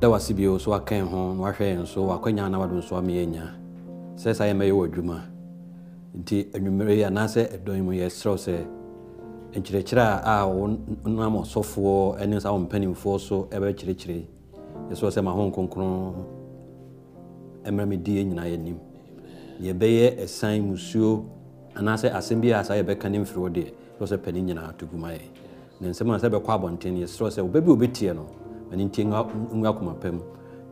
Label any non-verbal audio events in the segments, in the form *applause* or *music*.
dɛ wase bio so wakɛn ho na wahwɛ yɛn so wakwanya na wado so ama yɛnya sɛ saa yɛmɛyɛ wɔ adwuma nti anwummerɛ yi anaasɛ ɛdɔn mu yɛserɛw sɛ nkyerɛkyerɛ a wonam ɔsɔfoɔ ne saa wo mpanimfoɔ so ɛbɛkyerɛkyerɛ yɛserɛw sɛ ma ho nkronkron mmerɛ medi yɛ nyinaa yɛnim yɛbɛyɛ ɛsan musuo anaasɛ asɛm bi a saa yɛbɛka ne mfiri wo deɛ yɛsɛ pɛne nyinaa to gu yɛ ne nsɛm a sɛ bɛkɔ abɔnten yɛserɛw sɛ wobɛbi wobɛtiɛ no ɛno nti nwa akoma pam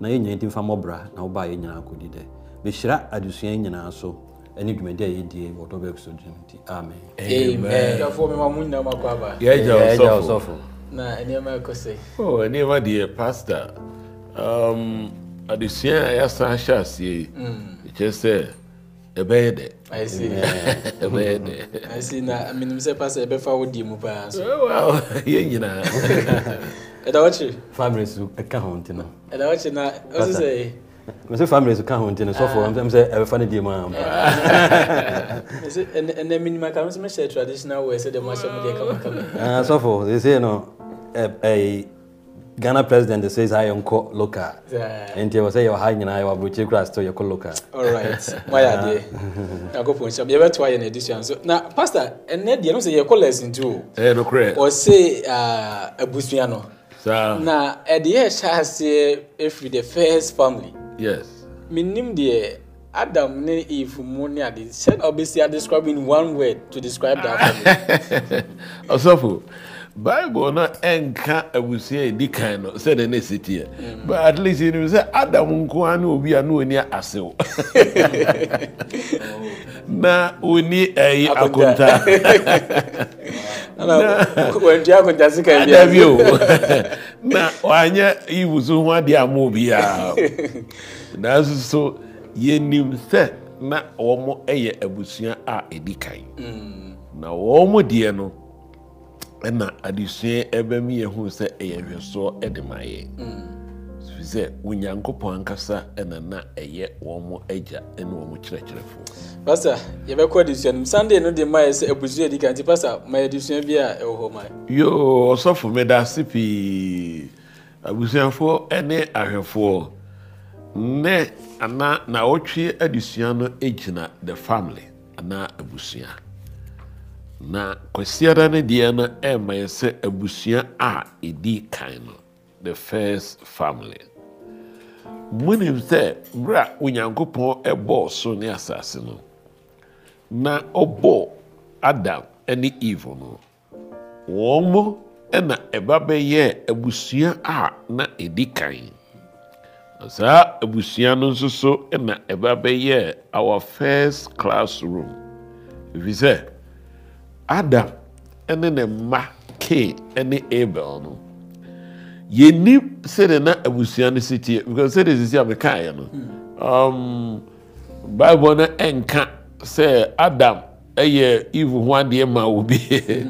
na yɛnyina nti mfa mmɔbra na wobaa yɛ nyinaa kɔdi dɛ bɛhyira adesua yi nyinaa so ɛne dwumadi a yɛdie wɔdɔ bɛ so gyina nti amen nneɛma oh, deɛ pastor um, adesua a yɛasan ahyɛ aseɛ yi mm. ɛkyerɛ sɛ ɛbɛyɛ dɛ *laughs* ɛbɛyɛ dɛ na pastor eh, *laughs* nyinaa *laughs* ɛda wɔkyi. families ɛka ho ntina. ɛda wɔkyi na ɔsi sɛ yi. mɛsɛ families ka ho ntina sɔfo ɛm sɛ ɛbɛfa ne die mu a. mɛsɛ ɛnɛ minima kan mɛsɛ mɛhyɛ traditional wear sɛ dɛm ahyɛ mu deɛ kamakama. sɔfo sese no ɛɛ ghana president says ayɛ nkɔ local nti ɛwɔ sɛ yɛwɔ ha nyinaa yɛwɔ aburokyi kura still yɛkɔ local. alright mayɛ adeɛ nyankopɔn nhyɛm yɛbɛto ayɛ no adesua nso na pastor ɛnɛ deɛ no sɛ yɛkɔ lesson too. ɛɛ nokorɛ. ɔse abusua no na ɛde yɛ ɛhyɛ aseɛ ɛfiri the first family yes menim deɛ adam ne eve mu ne ade sɛna ɔbɛsi a describe in one word to describe that family *laughs* ɔsɔfo bible no ɛnka abusua ɛdi kan no sɛde ne ɛsitiɛ but at least nim sɛ adam nkoa ne obi a na ɔni asew *laughs* na ɔni ɛyi akonta *laughs* dabio *laughs* na wanyɛ ivu so ho adeɛ ama obiaa nanso so yɛnim sɛ na wɔn yɛ abusua a ɛdi kan mm. na wɔn deɛ no ɛna adesua ɛbɛ mi yɛ hu sɛ ɛyɛ hwɛsoɔ ɛde ma yɛ mm. fi sɛ onyankopɔn ankasa ɛna na ɛyɛ wɔn mo agya ɛne wɔn mo kyerɛkyerɛfo. pasa yɛbɛkɔ adesua no sunday no de ma yɛ sɛ abusua di ka nti pasa ma yɛ adesua bi a ɛwɔ hɔ ma. yoo ɔsɔfo mi da ase pii abusuafoɔ ɛne ahwɛfoɔ nnɛ ana na wɔtwe adesua no gyina the family anaa abusua. na kwasiada no deɛ no ɛma yɛ sɛ abusua a ɛdi kan no the first family monim sɛ berɛ a onyankopɔn ɛbɔɔ so ne asase no na ɔbɔɔ adam ne eve no wɔn mo ɛna ɛba bɛyɛɛ abusua a na ɛdi kan saa abusua no nso so ɛna ɛba bɛyɛɛ our first classroom ɛfiri adam ɛne ne mma kee ɛne abel no yɛni sɛde na abusua no si teɛ because sɛde sisi a mekaeɛ no um, bible no ɛnka sɛ adam ɛyɛ eve ho adeɛ ma obi *laughs*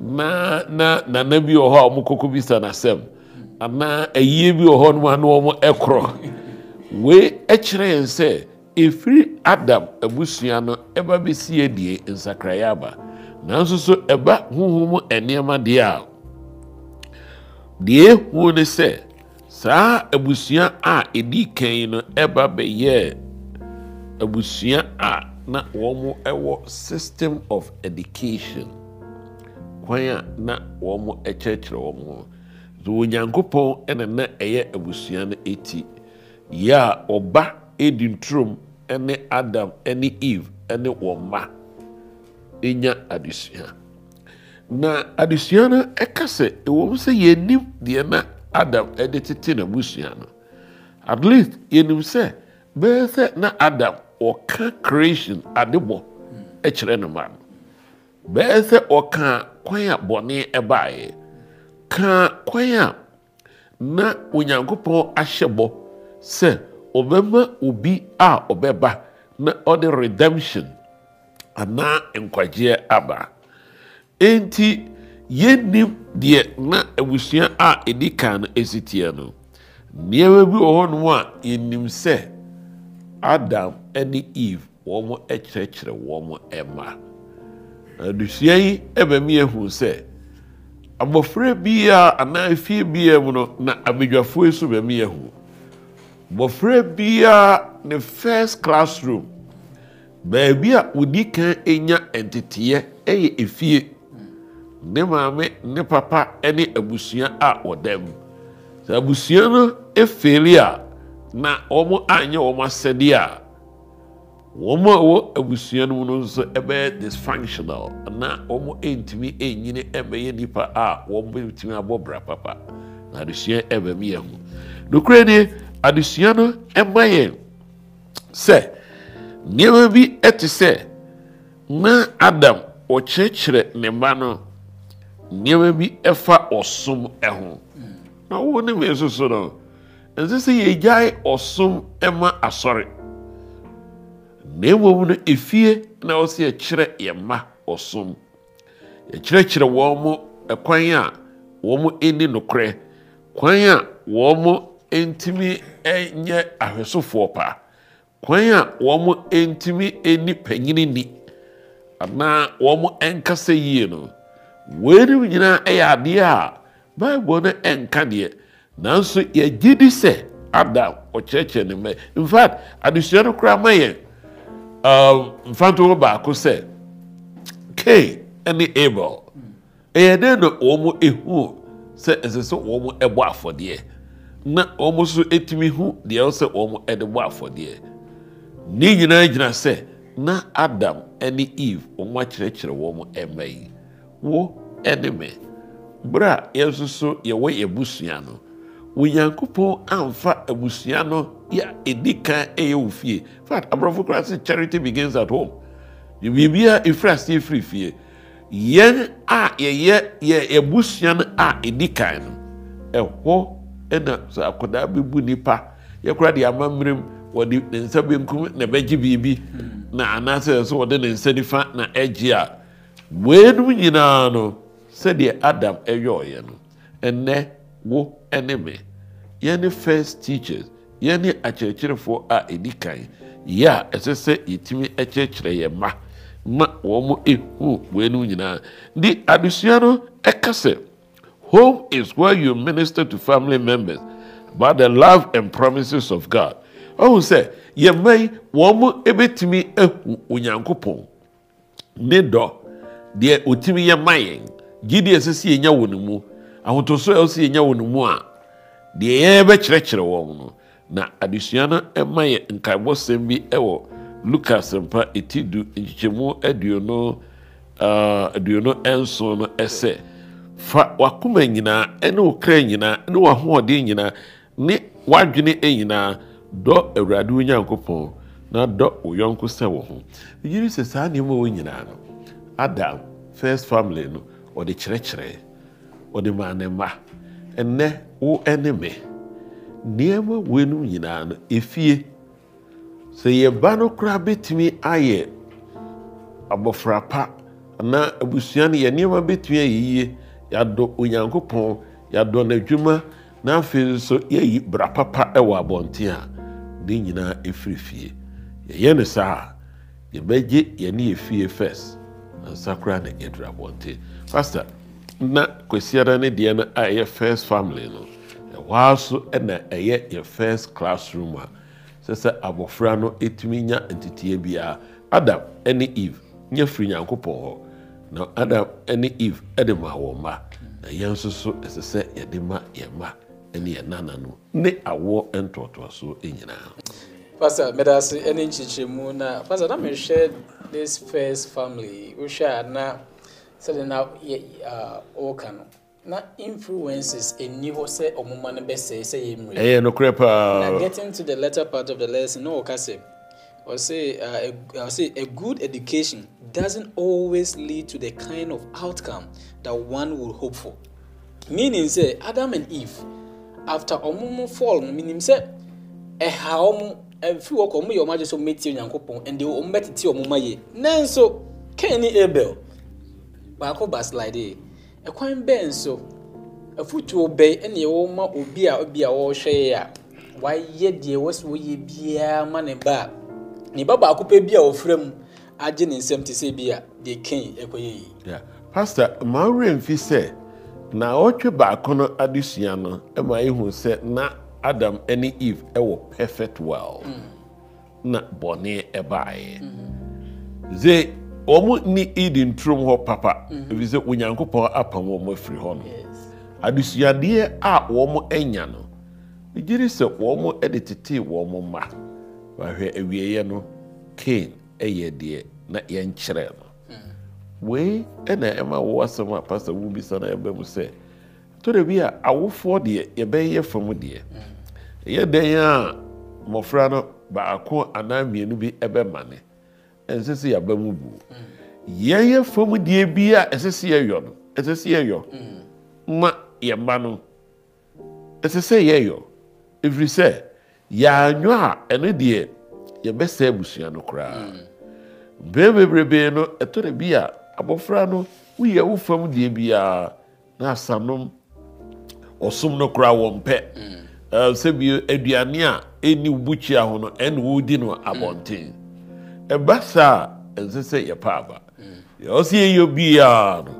na na nana bi wɔ hɔ a wɔn koko bi sa n'asɛm anaa ayie bi wɔ hɔ no a na wɔn ɛkorɔ wee ɛkyerɛ yɛn sɛ efiri adam abusua no ɛba bɛsi yɛ die nsakraeɛ aba. nanso so ɛba huhu mu nneɛma deɛ a deɛ ehu ne sɛ saa abusua a edi kan no ɛba bɛyɛ abusua a na wɔn ɛwɔ system of education kwan a na wɔn ɛkyerɛkyerɛ wɔn ho nti onyankopɔn ɛna na ɛyɛ abusua no ti yɛ a ɔba edi nturom ne adam ne eve ɛne wɔn mma ɛnya adesua na adesua no ɛka sɛ ɛwɔ mu sɛ yɛnim deɛ na adam ɛde tete n'abusua no at least yɛnim sɛ bɛyɛ sɛ na adam ɔka creation adebɔ ɛkyerɛ ne ma no bɛyɛ sɛ ɔka kwan a bɔne ɛbaeɛ ka kwan a na onyankopɔn ahyɛ bɔ sɛ ɔbɛma obi a ɔbɛba na ɔde redemption anaa nkwagyeɛ aba enti yɛnnim deɛ na abusua a ɛdi kan no teɛ no nneɛma bi wɔ hɔnom a yɛnim sɛ adam ne eve wɔn kyerɛkyerɛ wɔn mma adusua yi ɛbɛmi ɛhu sɛ abɔfra biara anaa fie biara mu no na abadwafoɔ nso so bɛmi ɛhu abɔfra biara ne first classroom baabi a wɔdi kan nya nteteeɛ yɛ efie ne maame ne papa ne abusua a wɔda mu sɛ abusua no efeeli a na wɔn anyɛ wɔn asɛdeɛ a wɔn a wɔ abusua no mu no nso bɛyɛ dysfunctional na wɔn ntumi nyini bɛyɛ nipa a wɔn bɛntumi abɔ bra papa na adesua bɛm yɛn ho nokura ni adesua no ma yɛn sɛ. nneɛma bi te sɛ na adam ɔkyerɛkyerɛ ne mma no nneɛma bi fa ɔsom ho na wo ne me nsoso no ɛnsɛ sɛ yɛgyae ɔsom ma asɔre na mmom no efie na wɔ sɛ yɛkyerɛ yɛ mma ɔsom yɛkyerɛkyerɛ wɔn mo kwan a wɔn mo ni nokorɛ kwan a wɔn mo ntumi nyɛ ahwɛsofoɔ paa kwan a wɔn ntumi ni panyin ni anaa wɔn nkasa yie no wɔn nyinaa yɛ adeɛ a baibul no nka deɛ nanso yɛgye di sɛ ada ɔkyerɛkyerɛ ne mɛ infact adesua no koraa ma yɛn um, mfanto baako sɛ kay ne abel ɛyɛ dɛn na wɔn ehu sɛ ɛsɛ sɛ wɔn bɔ afɔdeɛ na wɔn nso tumi hu deɛ ɔsɛ wɔn de bɔ afɔdeɛ. ne nyinaa gyina sɛ na adam ne eve wɔn akyerɛkyerɛ wɔn ɛma yi wo ne me bere a yɛn nso so yɛwɔ yɛn abusua no onyankopɔn amfa abusua no yɛ edi kan yɛ wɔ fie fact aborɔfo koraa sɛ charity begins at home biribi a efiri ase efiri fie yɛn a yɛyɛ yɛ abusua no a edi kan no ɛhɔ na sɛ akwadaa bi bu nipa yɛ koraa de ama mmerɛ mu. wɔde ne nsa benkum na bɛgye biribi hmm. na anaasɛ nso wɔde ne nsa nifa na ɛgye a wɔanum nyinaa no sɛdeɛ adam ɛyɛɔyɛ no ɛnɛ wo ɛne me yɛne first teachers yɛne akyerɛkyerɛfoɔ a ɛdi kan yɛ a ɛsɛ sɛ yɛtumi ɛkyerɛkyerɛ yɛn ma ma wɔn ehu wɔanum nyinaa de adesua no ɛka sɛ home is where you minister to family members about the love and promises of god. ohu sɛ yɛma yi wɔn bɛtumi ahu onyankopɔn ne dɔ deɛ ɔtumi yɛ ma yɛn gyidie sɛ si mu ahotoso a ɛsɛ yɛnya mu a deɛ yɛbɛkyerɛkyerɛ wɔn no na adesua no ɛma yɛ nkaebɔsɛm bi ɛwɔ lucas mpa eti du aduonu aduonu no ɛsɛ fa wakoma nyinaa ɛne okra nyinaa ɛne wahoɔden nyinaa ne wadwene nyinaa. dɔ awurade wo nyankopɔn na dɔ wo yɔnko sɛ wo ho yiri sɛ saa nneɛma wɔ nyinaa no adam first family no ɔde kyerɛkyerɛ ɔde maa ne mma ɛnɛ wo ɛne me nneɛma wɔnum nyinaa no efie sɛ yɛba no koraa bɛtumi ayɛ abɔfra pa anaa abusua no yɛ nneɛma bɛtumi ayɛ yie yɛadɔ onyankopɔn yɛadɔ n'adwuma na nso yɛyi bra papa ɛwɔ abɔnten a ne nyinaa ɛfiri fie yɛyɛ no saa a yɛbɛgye yɛne yɛ fie first ansa koraa na yɛdura abɔnten pastor na kwasiara ne deɛ no a ɛyɛ first family no ɛhɔ ara so na ɛyɛ yɛ first classroom a sɛ sɛ abɔfra no ɛtumi nya nteteeɛ biara adam ne eve nyɛ firi nyankopɔn hɔ na adam ne eve de ma wɔn mma na yɛn nso so ɛsɛ sɛ yɛde ma yɛn mma ne yɛn nana no ne awoɔ ntoatoasoɔ nyinaa pastor medase ɛne nkyekyerɛmu na pastor na mehwɛ this first family wohwɛ a na sɛde na wɔka no na influences ɛni hɔ sɛ ɔmoma no bɛsɛe sɛ yɛ mmerɛ ɛyɛ nokorɛ paa getting to the latter part of the lesson na wɔka sɛ ɔse uh, ɔse a good education doesn't always lead to the kind of outcome that one would hope for meaning say adam and eve after wɔn mo fall no minim sɛ ɛha wɔn ɛfi wɔ kɔ wɔn yɛ wɔn agye so metie nyankopɔn ɛnde wɔn bɛtete wɔn ma yie nanso Cain ne Abel baako baslide ɛkwan bɛn nso afutuo bɛn ɛna ɛwɔ ma obi a obi a wɔrehwɛ a wayɛ deɛ wɔsi wɔyɛ biara ma ne ba ne ba baako pɛ bi a wɔfrɛ mu agye ne nsɛm te sɛ bi a deɛ Cain ɛkɔyɛ yi. pastor maa wura mfi sɛ. na ɔtwe baako no adesua no ma ihu sɛ na adam ne eve ɛwɔ perfect well mm. na bɔne ɛbaeɛ se ɔmo nni eden turom hɔ papa ɛfirsɛ mm-hmm. onyankopɔn apam wɔ mo afiri hɔ no adesuadeɛ a wɔ mo anya no ɛgyeri sɛ wɔ mo de tetee mma bahwɛ awieeɛ no kain ɛyɛ deɛ na yɛnkyerɛɛ no wei ɛna ɛma wo asɛm a pastor wo bisa na ɛbɛ mu sɛ tore bi a awofoɔ deɛ yɛbɛyɛ fam deɛ ɛyɛ dɛn a mmɔfra no baako anaa mmienu bi ɛbɛma ne ɛnsɛ sɛ yɛaba mu bu yɛyɛ fam deɛ bi a ɛsɛ sɛ yɛyɔ no ɛsɛ sɛ yɛyɔ ma yɛn mma no ɛsɛ sɛ yɛyɔ ɛfiri sɛ yɛanyɔ a ɛno deɛ yɛbɛsɛ abusua no koraa bɛɛ bebrebe no ɛtore bi a abɔfra no woyɛ wo fam deɛ biara na asanom ɔsom no koraa wɔn pɛ mm. sɛbi aduane a ɛni wo bukyia no ɛne wodi no mm. abɔnten ɛba saa a ɛnsɛ sɛ yɛpa aba mm. yɛwɔ sɛ yɛyɛ biara no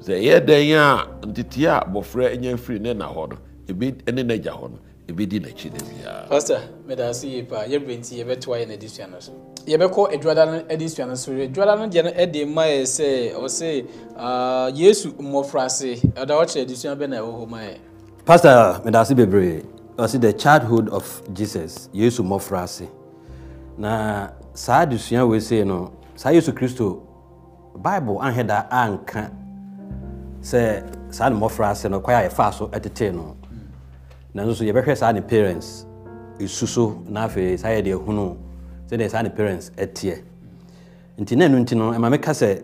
sɛ ɛyɛ dɛn a ntetea a abɔfra anya firi ne na hɔ no ebi ne n'agya hɔ no ɛbɛdi n'akyi da biara. pastor meda ase yie paa yɛ bɛnti yɛbɛto ayɛ n'adi sua no so yɛbɛkɔ adwada no adi sua no so adwada no deɛ no ɛde ma yɛ sɛ ɔsɛ yesu mmɔfraase ɛda ɔkyerɛ adi bɛ na ɛwɔ hɔ yɛ. pastor meda ase bebree ɔsi the childhood of jesus yesu mmɔfraase na saa adesua wei sei no saa yesu kristo bible ahɛda anka sɛ saa ne mmɔfraase no kwae a yɛfaa so ɛtetee no nanso so yɛbɛhwɛ saa ne parents ɛsu so na afei saa yɛde sɛdeɛ saa ne parents ɛteɛ nti na nti no ɛma meka sɛ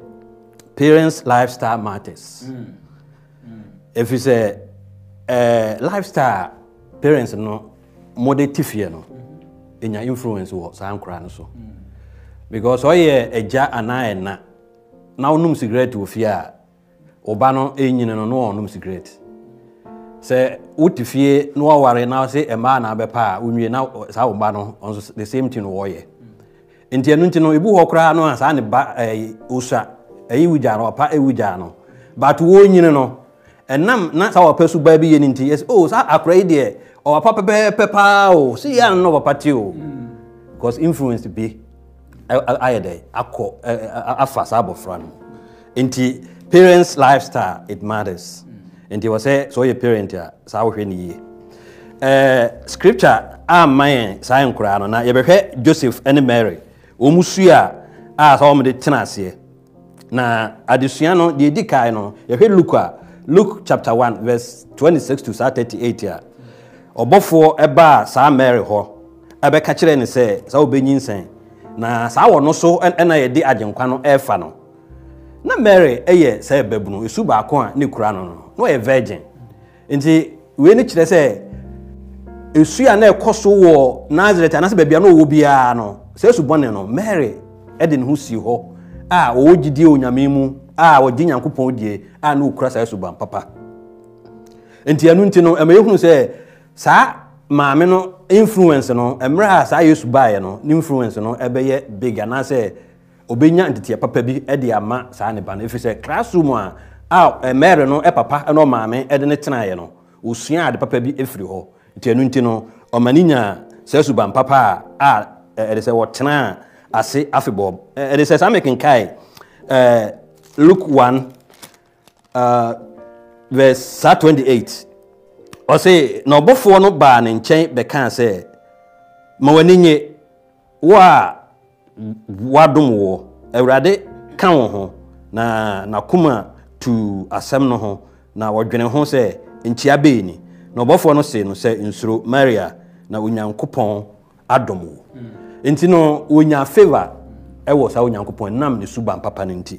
parents lifestyle matters mm. Mm. ɛfiri sɛ ɛɛ eh, lifestyle parents no mode te fie no ɛnya mm. influence wɔ saa nkora no so because ɔyɛ agya anaa ɛna na wonom cigarette wɔ fie a ɔba no ɛnyini no na ɔnom cigarette sɛ wote fie na waware na sɛ mmaa na abɛpa a wonwie na saa wo ba no ɔnso the same thing wɔyɛ nti ɛno nti no ebi wɔ koraa no a saa ne ba ɛɛ osua ɛyi wugya no ɔpa ɛwugya no but wɔnyini no ɛnam na saa ɔpɛ so ba bi yɛ ne nti yɛsɛ o oh, saa akora yi deɛ ɔwapa pɛpɛɛpɛ paa o si yɛ ano na ɔpapa te o because influence bi ayɛ dɛ akɔ ɛɛ afa saa abɔfra no nti parents lifestyle it matters. Mm. nti wɔ sɛ sɛ ɔyɛ parent a saa wohwɛ ne yie eh, scripture a yɛn saa nkoraa no na yɛbɛhwɛ joseph ne mary ɔmu sue a a saa tena aseɛ na adesua no deɛ ɛdi kae no yɛhwɛ luke a luke chapter 1 verse 26 to saa 38 a ɔbɔfoɔ ɛbaa saa mary hɔ ɛbɛka kyerɛ ne sɛ saa nsɛn na saa wɔ no so ɛna yɛde agyenkwa no ɛfa no na mary ɛyɛ sɛ na ɔyɛ virgin nti wei no kyerɛ sɛ ɛsu a na ɛkɔ so wɔ nasaret anaasɛ baabia na ɔwɔ biara no sɛ asubɔne no mary ɛde ne ho si hɔ a ɔwɔ gyidie onyame mu a ɔgye nyankopɔn die a na ɔkura saa esu ban papa nti ɛno nti no ɛma yɛhunu sɛ saa maame no influence no mmerɛ a saa yesu baeɛ no ne influence no ɛbɛyɛ big anaasɛ ɔbɛnya nteteɛ papa bi de ama saa ne ba no ɛfiri sɛ classroom a a eh, mary no eh, papa eh, ne ɔmaame de ne tenaeɛ no ɔsua ade papa bi firi hɔ nti ɛno nti no ɔma ne saa suban papa a ɛde sɛ wɔtenaa ase afebɔɔ ɛde sɛ saa mekenkae luke 1 verse saa eight. ɔse na ɔbɔfoɔ no baa ne nkyɛn bɛkaa sɛ ma w'ani nye wo a woadom woɔ awurade ka wo ho na n'akoma tu asɛm no ho na wɔdwene ho sɛ nkyia bɛi ni na ɔbɔfoɔ no see no sɛ nsuro maria na onyankopɔn adom wo mm. nti no wɔnya favor ɛwɔ saa onyankopɔn nam ne suban papa no nti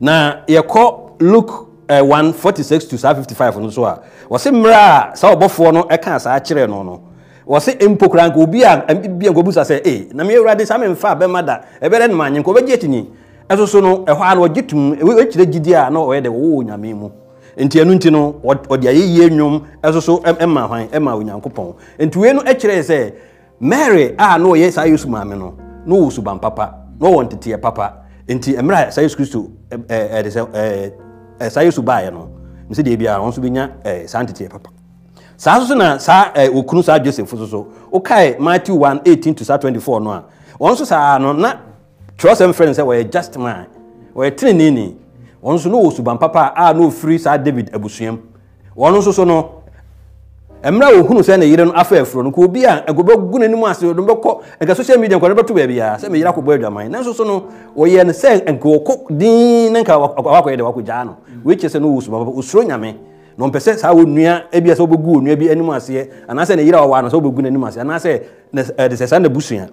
na yɛkɔ luke 146 eh, to saa 55 no so a wɔse mmerɛ a saa ɔbɔfoɔ no ɛka saa kyerɛ no no wɔse mpokora nka obi a bi a nkɔbu sa sɛ e na meyɛ awurade saa memfa a bɛma da ɛbɛdɛ no maanyɛ nka wɔbɛgye akyinyi ɛso so eh, eh, no ɛhɔ a no ɔgye tum ɛkyerɛ gyidie oh, a na ɔyɛ dɛ wɔwɔ onyame oh, mu nti ɛno nti no ɔde ayɛyie nnwom ɛso so ɛma hwan ɛma onyankopɔn nti wei no ɛkyerɛ e sɛ mary a na ɔyɛ saa yesu maame no na ɔwɔ suban papa na ɔwɔ nteteɛ papa nti mmerɛ a saa yesu kristo ɛde e, e, sɛ ɛɛ saa yesu baeɛ no nse deɛ biara wɔn nso bɛnya ɛɛ saa nteteɛ papa saa nso na saa ɛɛ okunu saa joseph nso so okae matthew one eighteen to saa twenty four no a wɔn nso saa no na twerɛsɛm frɛ no sɛ wɔyɛ just man wɔyɛ teneneeni wɔn nso no wɔ suban papa a no ofiri saa david abusuam wɔn nso so no mmerɛ a wɔhunu sɛ ne yere no afa afuro no koobi a agobɛ gu n'anim ase ɔdɔm bɛkɔ nka social media nkɔdɔm bɛto baabi a sɛ meyere akɔbɔ adwaman nanso so no wɔyɛ no sɛ nka wɔkɔ din na nka wakɔyɛ de wakɔgyaa no wɔakyɛ sɛ no wɔ suban papa osuro nyame na ɔmpɛ sɛ saa onua ebi sɛ wobɛgu onua bi anim aseɛ anaasɛ ne yere a wɔwɔ ano sɛ wobɛgu n'anim aseɛ anaasɛ eh, de sɛ saa na busua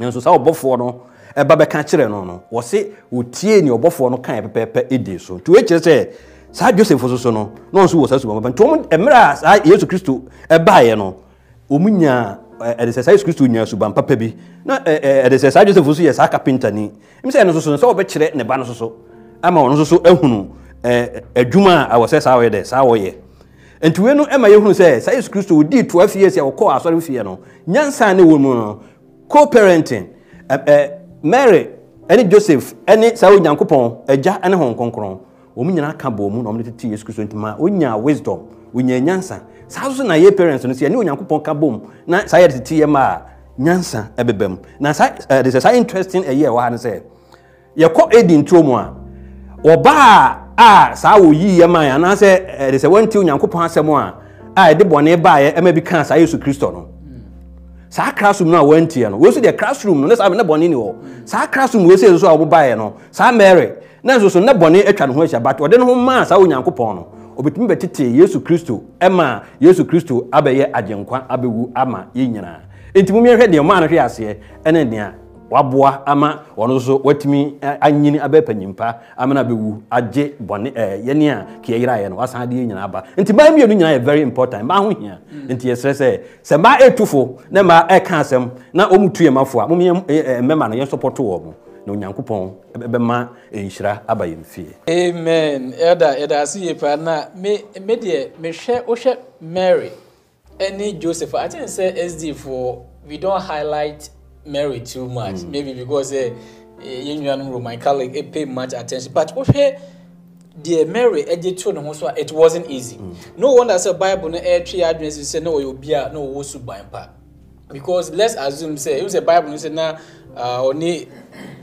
nanso saa ɔbɔfoɔ no ɛba bɛka kyerɛ no no wɔse wɔtie nea ɔbɔfoɔ no kae pɛpɛɛpɛ di so nti wɔkyerɛ sɛ saa joseph soso no na ɔnso wɔ saa subɔmmɔpɛ nti ɔm mmerɛ a saa yesu kristo ɛbaeɛ no ɔmu nyaa ɛde sɛ saa yesu kristo nyaa suban papa bi na ɛde sɛ saa joseph nso yɛ saa kapentani m sɛ ɛno soso no sɛ wɔbɛkyerɛ ne ba no soso ama ɔno soso ahunu adwuma a ɛwɔ sɛ saa wɔyɛ dɛ saa wɔyɛ nti wei no ma yɛhunu sɛ saa yesu kristo wodii 12 years a wɔkɔɔ asɔre fie no nyansa ne wɔ mu no co-parenting mary ɛne joseph ɛne saa onyankopɔn agya ɛne hon kronkron wɔn nyinaa ka bɔn mu na wɔn tete yesu kristo nti ma onya wisdom onya nyansa saa nso na yɛ parents no si ɛne onyankopɔn ka bɔn mu na saa yɛ tete yɛ ma a nyansa ɛbɛbɛ mu na saa ɛde sɛ saa interesting ɛyɛ ɛwɔ ha no sɛ yɛkɔ edi nturo mu a ɔbaa a saa wɔyi yɛ ma yɛ anaasɛ ɛde sɛ wɔnte onyankopɔn asɛm a a yɛde bɔnne baayɛ ɛma bi kaa saa yesu kristo no saa classroom no a wɔantie no wɔsi deɛ classroom no ne saa ne bɔne ni hɔ saa classroom wɔsi nso a wɔbaeɛ no saa mary na nso so ne bɔne atwa ne ho ahyia but ɔde ne ho maa saa onyankopɔn no obetumi bɛtete yesu kristo ɛma yesu kristo abɛyɛ agyenkwa abɛwu ama yɛn nyinaa nti mu mi hwɛ deɛ ɔmaa no hwɛ aseɛ ɛne nea waboa ama ɔno nso watumi anyini abɛɛpa nyimpa amena bɛwu agye bɔne ɛɛ yɛne a kiyɛyerɛ ayɛ no wasan adeɛ nyinaa ba nti mmaa mmienu nyinaa yɛ very important mmaa ho hia nti yɛsrɛ sɛ sɛ mmaa ɛtufo ne mmaa ɛka asɛm na wɔn tu yɛn mafo a wɔn ɛɛ mmarima no yɛn sɔpɔto wɔn na onyankopɔn bɛma nhyira aba yɛn fie. amen ɛda ɛda ase yie paa na me me deɛ mehwɛ wohwɛ mary ɛne joseph akyɛn sɛ sd for we don highlight marry too much mm. maybe because eh, eh, yɛn nuanom romancalic pay much attention but wohwɛ deɛ mary ɛgye to ne ho so it wasn't easy mm. no wonder sɛ bible no ɛretwe yɛ adwene say sɛ na ɔyɛ obi a na ɔwɔ suban pa because let's assume sɛ ehu sɛ bible no sɛ na ɔne uh,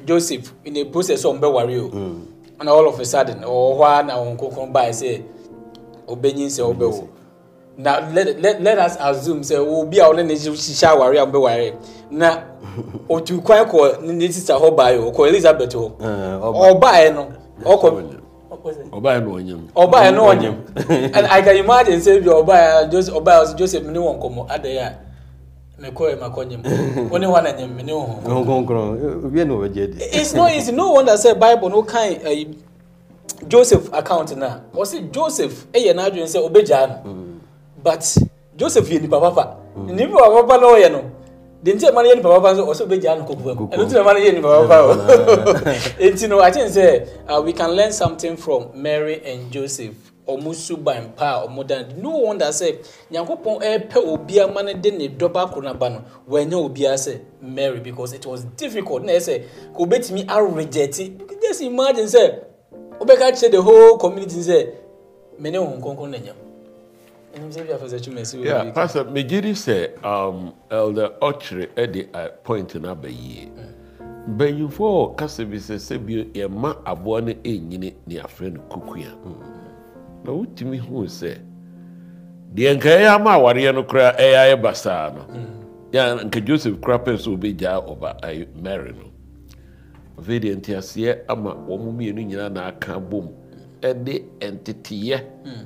joseph in a process ɔn bɛ wari o hmm. na all of a sudden ɔwɔ hɔ a na ɔn koko baa sɛ ɔbɛnyin sɛ ɔbɛwo na let let let us assume sɛ obi a ɔne ne hyehyɛ awari a ɔbɛ wari na *laughs* otu kwan kɔ ne sista hɔ baa yi ɔkɔ elizabeth hɔ eh, ɔbaa yɛ e no ɔkɔ ọba yẹn n'ọnyẹ mu. ọba yẹn n'ọnyẹ mu and i can *laughs* imagine say bi ọba yẹn joseph ọba yẹn joseph ni wọn kọmọ adé yẹn mẹkọ yẹn mẹkọ nyẹ mu wọn ni wọn na nyẹ mu ni wọn. nkonkoron obi yẹn na ọbẹ jẹ di. it's not easy no wonder say bible no kan eh, joseph account na ọ joseph ẹ eh, yẹ n'adwene sẹ ọbẹ gya no. Mm -hmm but joseph yɛ nipa papa nipa papa lɔɔ yɛ no denti ɛma no nipa papa nso ɔsɛ obɛgyaa no kɔkɔm ɛno nti ɛma no nipa papa o enti *laughs* no i think sɛ uh, we can learn something from mary and joseph ɔmo suban pa a ɔmo dan no wonder sɛ nyankopɔn ɛɛpɛ obi ama no de ne dɔba koro n'aba no wɔanya obiara sɛ mary because it was difficult na yɛ sɛ kò betumi just imagine sɛ wobɛka kyerɛ the whole community sɛ mene wɔn nkonko na nyam Yeah, Pastor, Megiri sɛ um, Elder Ochre ɛde uh, point no aba yie. Eh, Mpanyinfoɔ a ɔkasa bi sɛ sɛbi yɛma aboa no ɛnyini ne afrɛ no kukuya, eh, Na wotumi hu sɛ deɛ nka ɛyɛ ama awareɛ no koraa ɛyɛ ayɛ basaa no. Yɛ nka Joseph koraa pɛ sɛ obɛgyaa ɔba ayi Mary no. Afei deɛ nteaseɛ ama wɔn mmienu nyinaa na akambum, bom ɛde nteteyɛ. Mm. Eh,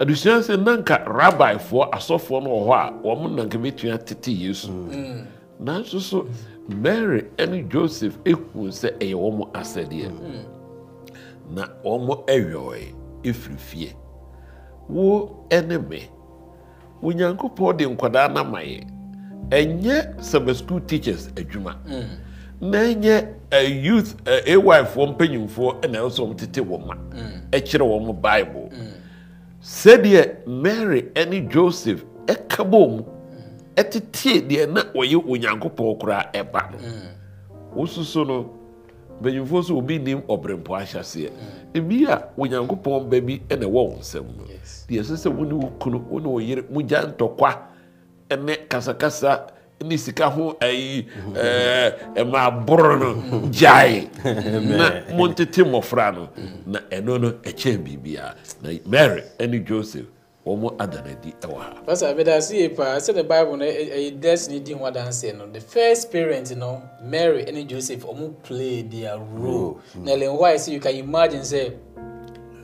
adusua sɛ nanka rabbifoɔ asɔfoɔ no wɔ hɔ a wɔn nanka bɛtua tete yesu mm. nanso so mary ne joseph ehu sɛ ɛyɛ wɔn asɛdeɛ mm. na wɔn ɛwɛɔɛ efiri fie wo ne me onyankopɔn de nkwadaa nama yɛ ɛnyɛ sɛbɛ school teachers adwuma mm. na ɛnyɛ youth ayfoɔ mpanyinfoɔ na ɛwɔ sɛ wɔn tete wɔn ma ɛkyerɛ wɔn bible. sɛdeɛ mary ne joseph ɛka bɔɔ mu ɛtetee deɛ na ɔyɛ onyankopɔn koraa ɛba no mm. wosuso no mpanyimfoɔ so obi nim ɔbrɛmpo ahyɛseɛ mm. ebi a onyankopɔn ba bi na ɛwɔ wɔn nsam no deɛ ɛsɛ sɛ wo ne wo kunu wo ne wo yere mogya ntɔkwa ne kasakasa ne sika ho ayi ɛɛ ɛmaa boro no gyae na montete mmɔfra no na ɛno no ɛkyɛn biribia na mary ɛne joseph wɔn adanadi ɛwɔ ha. pastor abedase yie paa sɛ the bible no ɛyɛ destiny di ho adanse no the first parent no mary ɛne joseph wɔn play their role na ɛlɛn hɔ a yɛ you can imagine say.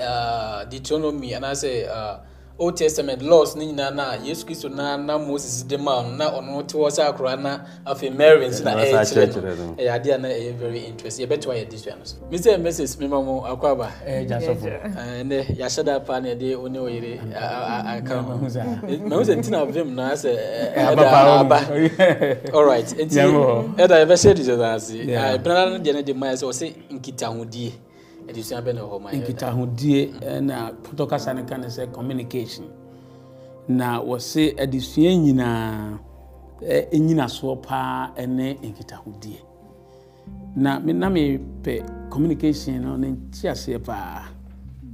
uh, deuteronomy say Uh, old testament laws ne nyinaa na yesu kristo na na moses de ma no na ɔno te hɔ sɛ akora na afei mary nso na ɛyɛkyerɛ no ɛyɛ adeɛ a na ɛyɛ very interesting yɛbɛto ayɛ di sua no so mr and mrs mema mu akwaba. aba ɛnɛ yɛahyɛ da paa na yɛde wo ne wo yere aka ho mahu sɛ ntina vim na sɛ ɛda aba *laughs* alright nti ɛda yɛbɛhyɛ di sɛ no ase ɛbena no deɛ no de ma yɛ sɛ ɔsɛ nkitahodie adesua bɛ na ɛhɔ ma nkitahodie na pɔtɔ kasa no ka ne sɛ communication na wɔse adesua nyinaa ɛnyinasoɔ paa ɛne nkitahodie na mi na mepɛ communication no ne ntiaseɛ paa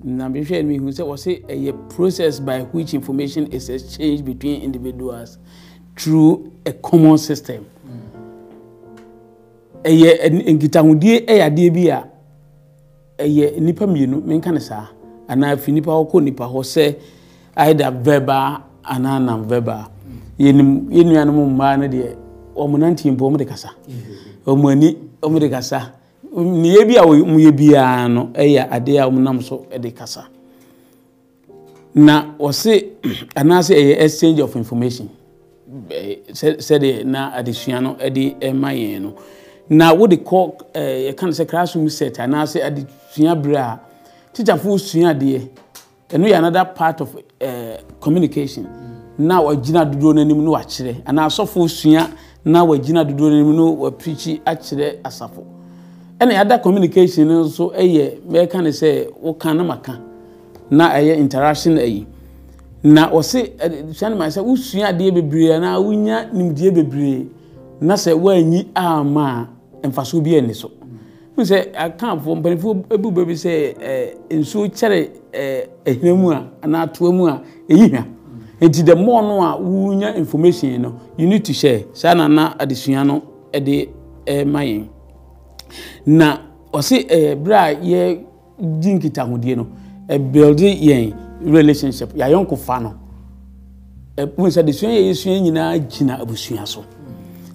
na mehwɛ no mehu sɛ wɔse ɛyɛ process by which information is exchanged between individuals through a common system ɛyɛ nkitahodie ɛyɛ adeɛ bi a ɛyɛ nipa mmienu menka ne saa anaa fi nipa hɔ kɔ nipa hɔ sɛ either verbal anaa non verbal yɛnim yɛn nuanom mmaa no deɛ wɔn nante mpo wɔn de kasa wɔn ani wɔn de kasa nea bi a wɔn yɛ biara no ɛyɛ adeɛ a wɔn nam so de kasa na wɔsi *clears throat* anaasɛ ɛyɛ exchange of information sɛdeɛ na adesua no de ɛma yɛn no na wode kɔ ɛɛ eh, yɛka no sɛ classroom set anaasɛ adesua berɛ a teacherfoɔ sua adeɛ ɛno yɛ another part of ɛɛ eh, communication na wagyina dodoɔ n'anim no wakyerɛ anaa asɔfoɔ sua na wagyina dodoɔ n'anim no wapirikyi akyerɛ asafo ɛna yɛada communication no nso ɛyɛ mɛka no sɛ woka no maka na ɛyɛ interaction ayi na wɔsi ɛdesua no ma sɛ wosua adeɛ bebree anaa wonya nimdeɛ bebree na sɛ woanyi ama mfasoɔ bi ani so n sɛ akanfoɔ mpanimfoɔ ebu baabi sɛ ɛɛ nsuo kyɛre ɛɛ ehina mu a anaa toa mu a eyi hwa eti dɛ mɔɔ no a wunya information no you need to share saa na na adesua no ɛde ɛɛma yɛn na ɔsi ɛɛ bere a yɛ di nkitahodie no ɛbɛlde yɛn relationship yɛayɔnkofa no ɛpon sɛ adesua yɛ yɛsua nyinaa gyina abusua so. Mm -hmm.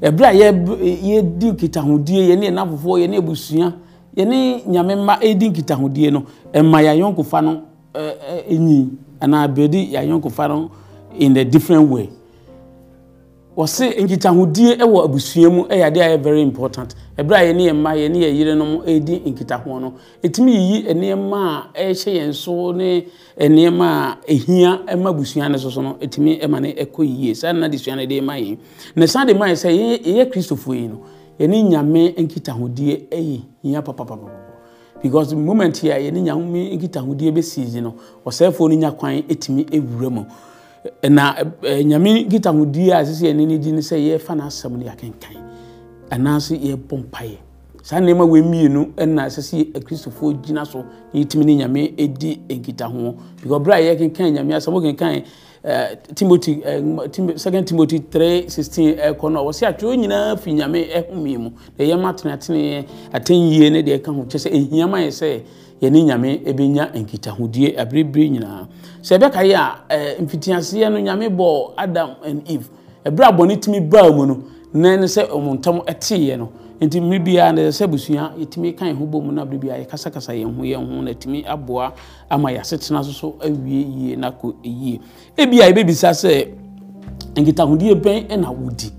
ɛberɛ a yɛdi e- nkitahodie yɛne ɛnafofoɔ yɛne abusua yɛne nyame ma ɛdi nkitahodie no ya ɛma yɛayɔnkofa no nyi ya bɛdi yɛayɔnkofa no in a different way wɔse nkitahodie wɔ abusua mu ɛyɛ adeɛ a ɛyɛ very important ɛberɛ a yɛne yɛ mma yɛne yɛ yerenom ɛredi nkitaho no ɛtumi yiyi nneɛma a ɛhyɛ yɛn so ne nneɛma a ɛhia ema busua no soso no ɛtumi ma no ɛkɔ yie saa nna de sua no de ma yɛn na saa de ma yɛ sɛ yɛyɛ kristofoɔ yi no yɛne nyame nkitahodie ɛyɛ hia papapapa because moment here a yɛne nyame nkitahodie bɛsiisi no ɔsɛefoɔ no nya kwan ɛtumi ɛwura mu e, na e, e, nyame nkitahodie a ɛsɛ sɛ yɛne no di no sɛ yɛfa no asɛm no yɛakenkan anaasɛ yɛbɔ mpaeɛ saa nneɛma wei mmienu ɛna ɛsɛ sɛ akristofoɔ gyina so ne yɛtumi ne nyame ɛdi nkitaho because berɛ a yɛkenkan nyame asɛm wokenkan timothy second timothy three sixteen ɛkɔ no a wɔsi atwerɛ nyinaa fi nyame ɛhomii mu na yɛn ma tenatene atɛnyie ne deɛ ɛka ho kyɛ sɛ ehia ma yɛ sɛ yɛne nyame ɛbɛnya nkitahodie abirebire nyinaa sɛ ɛbɛka yɛ a ɛɛ mfitiaseɛ no nyame bɔ adam and eve ɛberɛ a bɔne tumi baa mu no na ne sɛ ɔmo ntam teeɛ no nti mmiri biara na sɛ busua yɛtumi ka yɛn ho bɔ mu na abiri biara yɛkasakasa yɛn ho yɛn ho na yɛtumi aboa ama yɛasetena so so awie yie na kɔ yie ebi a yɛbɛbisa sɛ nkitahodie bɛn na wodi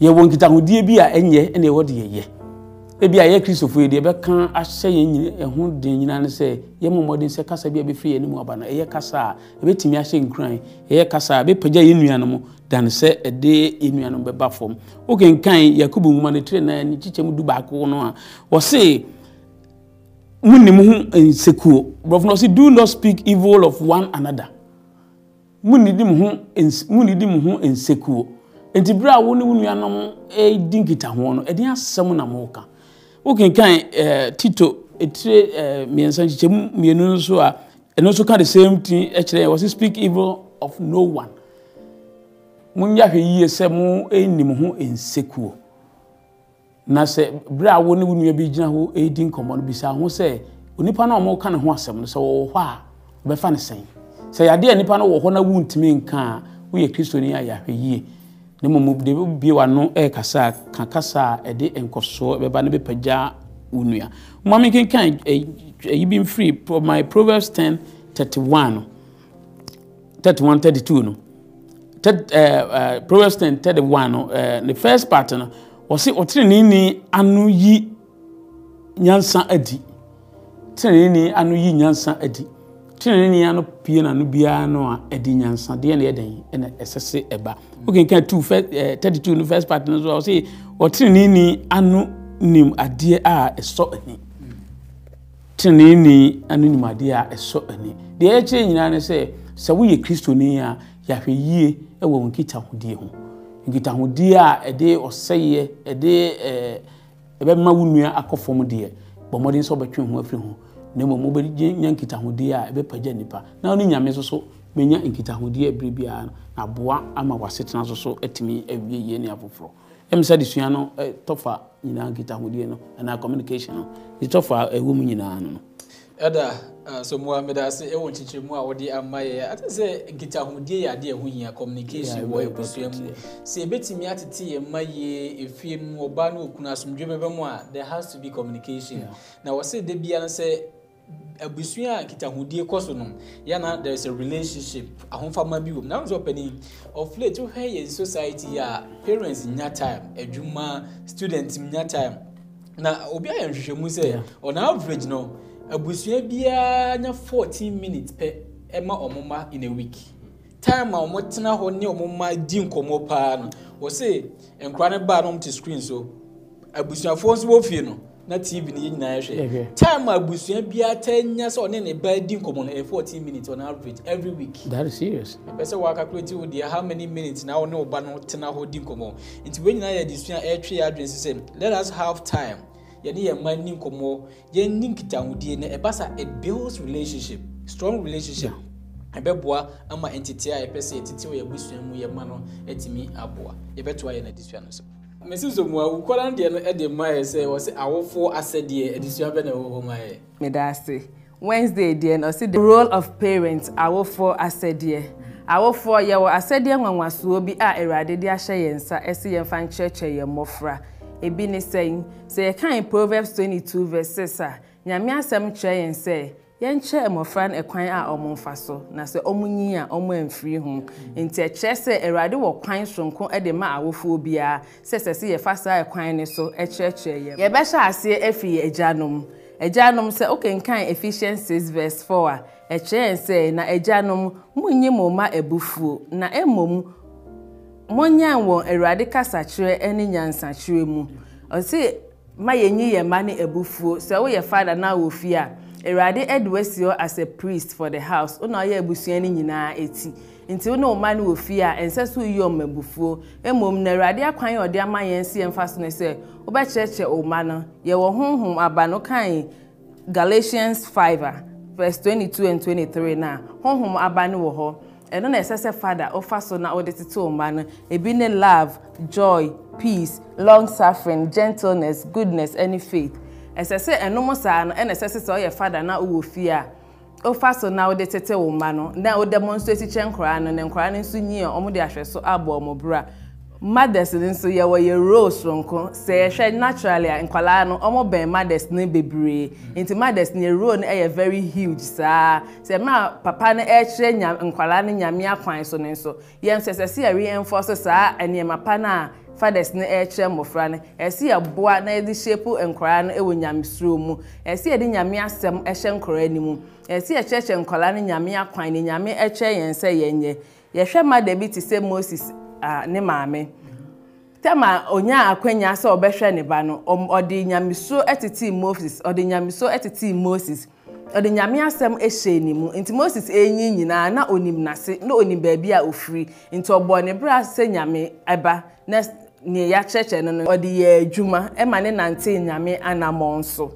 yɛwɔ nkitahodie bi a ɛnyɛ ɛna ɛwɔ de yɛyɛ ebi a yɛ kristofo yi deɛ ɛbɛka ahyɛ yɛn nyina ɛho den nyinaa ne sɛ yɛ mu mmɔden sɛ kasa bi a bɛfiri yɛn mu aba no ɛyɛ kasa a ɛbɛtumi ahyɛ nkuran ɛyɛ kasa a ɛbɛpagya yɛn nua no mu than sɛ ɛde enua no bɛba fam okenkan yakubu nwoma ne tire na ne kyikyɛm du baako no a wɔse mu nim ho nsekuo borɔfo no ɔse do not speak evil of one another mu nidi mu ho ns mu nidi mu ho nsekuo nti bere a wɔn ne wɔn nuanom ɛdi eh, nkitaho no ɛde asɛm na mo ka okenkan eh, tito etire ɛɛ eh, mmiɛnsa nkyikyɛm mmienu nso a ɛno nso ka the same thing ɛkyerɛ yɛn wɔse speak evil of no one monyɛ ahwɛ yie sɛ mo nim ho nsekuo na sɛ berɛ a wo ne wo nua bi gyina hɔ redi nkɔmmɔ no bisa ho sɛ onipa no a ɔmɔka ne ho asɛm no sɛ wɔwɔ hɔ a wɔbɛfa no sɛn sɛ yɛadeɛ a nipa no wɔ hɔ na wontumi nka a woyɛ kristoni a yɛahwɛ yie na mmom de bie w'ano ɛrekasa a ka kasa a ɛde nkɔsoɔ bɛba no bɛpagya wo nua mmoa me nkenkan ɛyi bi mfiri my proverbs 10 31 31 32 no Eh, eh, Proverbs ten thirty one eh, the first part no wɔsi ɔtrenini ano yi nyansa adi trenini ano yi nyansa adi trenini ano pie na ano biara no a adi nyansa deɛ na ɛdɛn ɛna ɛsɛsɛ ɛba okenkan two first ɛɛ thirty two no first part no so ɔsi ɔtrenini ano nim adeɛ a ɛsɔ ani trenini ano nim adeɛ a ɛsɔ ani deɛ ɛkyerɛ nyinaa no sɛ sɛ woyɛ kristoni a yɛahwɛ yie wɔ wɔn nkitahodie ho nkitahodie a ɛde ɔsɛeɛ ɛde ɛɛ ɛbɛma wo nua akɔ fam deɛ bɔ mmɔden sɛ ɔbɛtwe ho afiri ho na mmom wobɛnya nkitahodie a ɛbɛpagya nipa na wo ne nyame nso so bɛnya nkitahodie abere biara na aboa ama wasetena so so atumi awie yie ne afoforɔ ɛm sɛ desua no ɛtɔfa nyinaa nkitahodie no anaa communication no ɛtɔfa ɛwɔ mu nyinaa no no ɛda ah, so mu a meda ase ɛwɔ e nkyekyere mu a wɔde ama yɛ ate sɛ nkitahodie yɛ adeɛ ɛho hia communication wɔ abusua mu sɛ ɛbɛtumi atete yɛ mma yie efie mu ɔbaa ne okunu asomdwe bɛbɛ mu a there has to be communication na wɔsɛ de bia no sɛ abusua a nkitahodie kɔ so no yana there is a relationship ahofama bi wɔ mu na wɔn sɛ ɔpɛni of yɛ society a parents nya time adwuma student nya time na obi ayɛ nhwehwɛ mu sɛ on average no. abusua biara nya fourteen minutes pɛ ɛma wɔn mma in a week time a wɔn tena hɔ ne wɔn mma di nkɔmɔ paa no wɔsi nkura ne baa no wɔn te screen so abusuafoɔ nso wɔ fie no na tv ne nyinaa hwɛ time a abusua biara ta nya sɛ ɔne ne ba di nkɔmɔ no ɛyɛ fourteen minutes on average every week. that is serious. ɛpɛ sɛ wɔakakura ti wo deɛ how many minutes na wɔn ne wɔn ba no tena hɔ di nkɔmɔ nti wɔn nyinaa yɛ disua ɛretwe yɛ adwene sisɛ let us have time yɛne yɛn mma ni nkɔmmɔ yɛnni nkitahodie no ɛba sa it builds relationship strong relationship ɛbɛboa ama ntete a yɛpɛ sɛ yɛtete wɔ yɛbusua mu yɛma no atumi aboa yɛbɛtoa yɛn adesua no so mesi so mu a wokɔla no deɛ no ɛde mma yɛ sɛ wɔ sɛ awofoɔ asɛdeɛ adesua bɛ na ɛwɔ hɔ ma yɛ meda wednesday deɛ no ɔse the role of parents awofoɔ asɛdeɛ awofoɔ yɛwɔ asɛdeɛ nwanwasoɔ bi a awurade de ahyɛ yɛn nsa ɛsi yɛn fa nkyerɛkyerɛ yɛn mmɔfra ebi ne sɛn sɛ yɛkan proverbs 22 verses a nyame asɛm kyerɛ yɛn sɛ yɛnkyɛ mmɔfra no a mfa so na sɛ ɔmo nyin a ɔmo amfiri ho nti ɛkyerɛ sɛ awurade wɔ kwan sonko de ma awofoɔ biara sɛ sɛ sɛ yɛfa saa no so yɛn yɛbɛhyɛ aseɛ sɛ 6 verse 4 a ɛkyerɛ yɛn sɛ na agyanom munnyi mo abufuo na mmom monyan wɔ awurade kasakyerɛ ne nyansakyerɛ mu ɔsi ma yɛnyi yɛn mma ne abufuo sɛ woyɛ fada na wɔ fie a awurade de wasi hɔ as a priest for the house ɔna ɔyɛ abusua no nyinaa eti nti wo ne wo ma no wɔ fie a ɛnsɛ so yi ɔmo abufuo mmom na awurade akwan a ɔde ama yɛn si yɛn fa so no sɛ wobɛkyerɛkyerɛ wo ma no yɛwɔ honhom aba no kan galatians five a verse twenty two and twenty three na honhom aba no wɔ hɔ ɛno na ɛsɛ sɛ fada ɔfa so na ɔde tete ɔma no ebi ne love joy peace long suffering gentleness goodness ɛne faith ɛsɛ sɛ ɛnom saa no ɛna ɛsɛ sɛ sɛ ɔyɛ fada na ɔwɔ fie a ɔfa so na ɔde tete ɔma no na ɔde mo nso esi nkoraa no na nkoraa no nso nyi a ɔmo de ahwɛ so abɔ ɔmo bra mothers no nso yɛwɔ yɛ role soronko sɛ yɛhwɛ naturally a nkwadaa no wɔn bɛn mothers no bebree nti mothers no yɛ no yɛ very huge saa sɛ mmaa papa no ɛrekyerɛ nya nkwadaa no nyamea kwan so no nso yɛn nso sɛ sɛ yɛ reinforce saa nneɛma pa no a fathers no ɛrekyerɛ mmɔfra no ɛsi ɛboa na yɛde shape nkwadaa no ɛwɔ nyamesoro mu ɛsi yɛde nyame asɛm ɛhyɛ nkwadaa no mu ɛsi ɛkyerɛkyerɛ nkwadaa no nyame akwan ne nyame ɛkyerɛ yɛn sɛ yɛn yɛ yɛhwɛ mada ne maame tema onyaa akwanya sɛ ɔbɛhwɛ ne ba no ɔde nyamesuo tetee moses ɔde nyamesuo tetee moses ɔde nyame asɛm hyɛɛ ne mu nti moses enyi nyinaa na onim n'ase na onim beebi a ofiri nti ɔbɔ ne berɛ sɛ nyame ba na nea yɛakyerɛkyerɛ no no ɔde edwuma adwuma ma ne nante nyame anammɔn nso.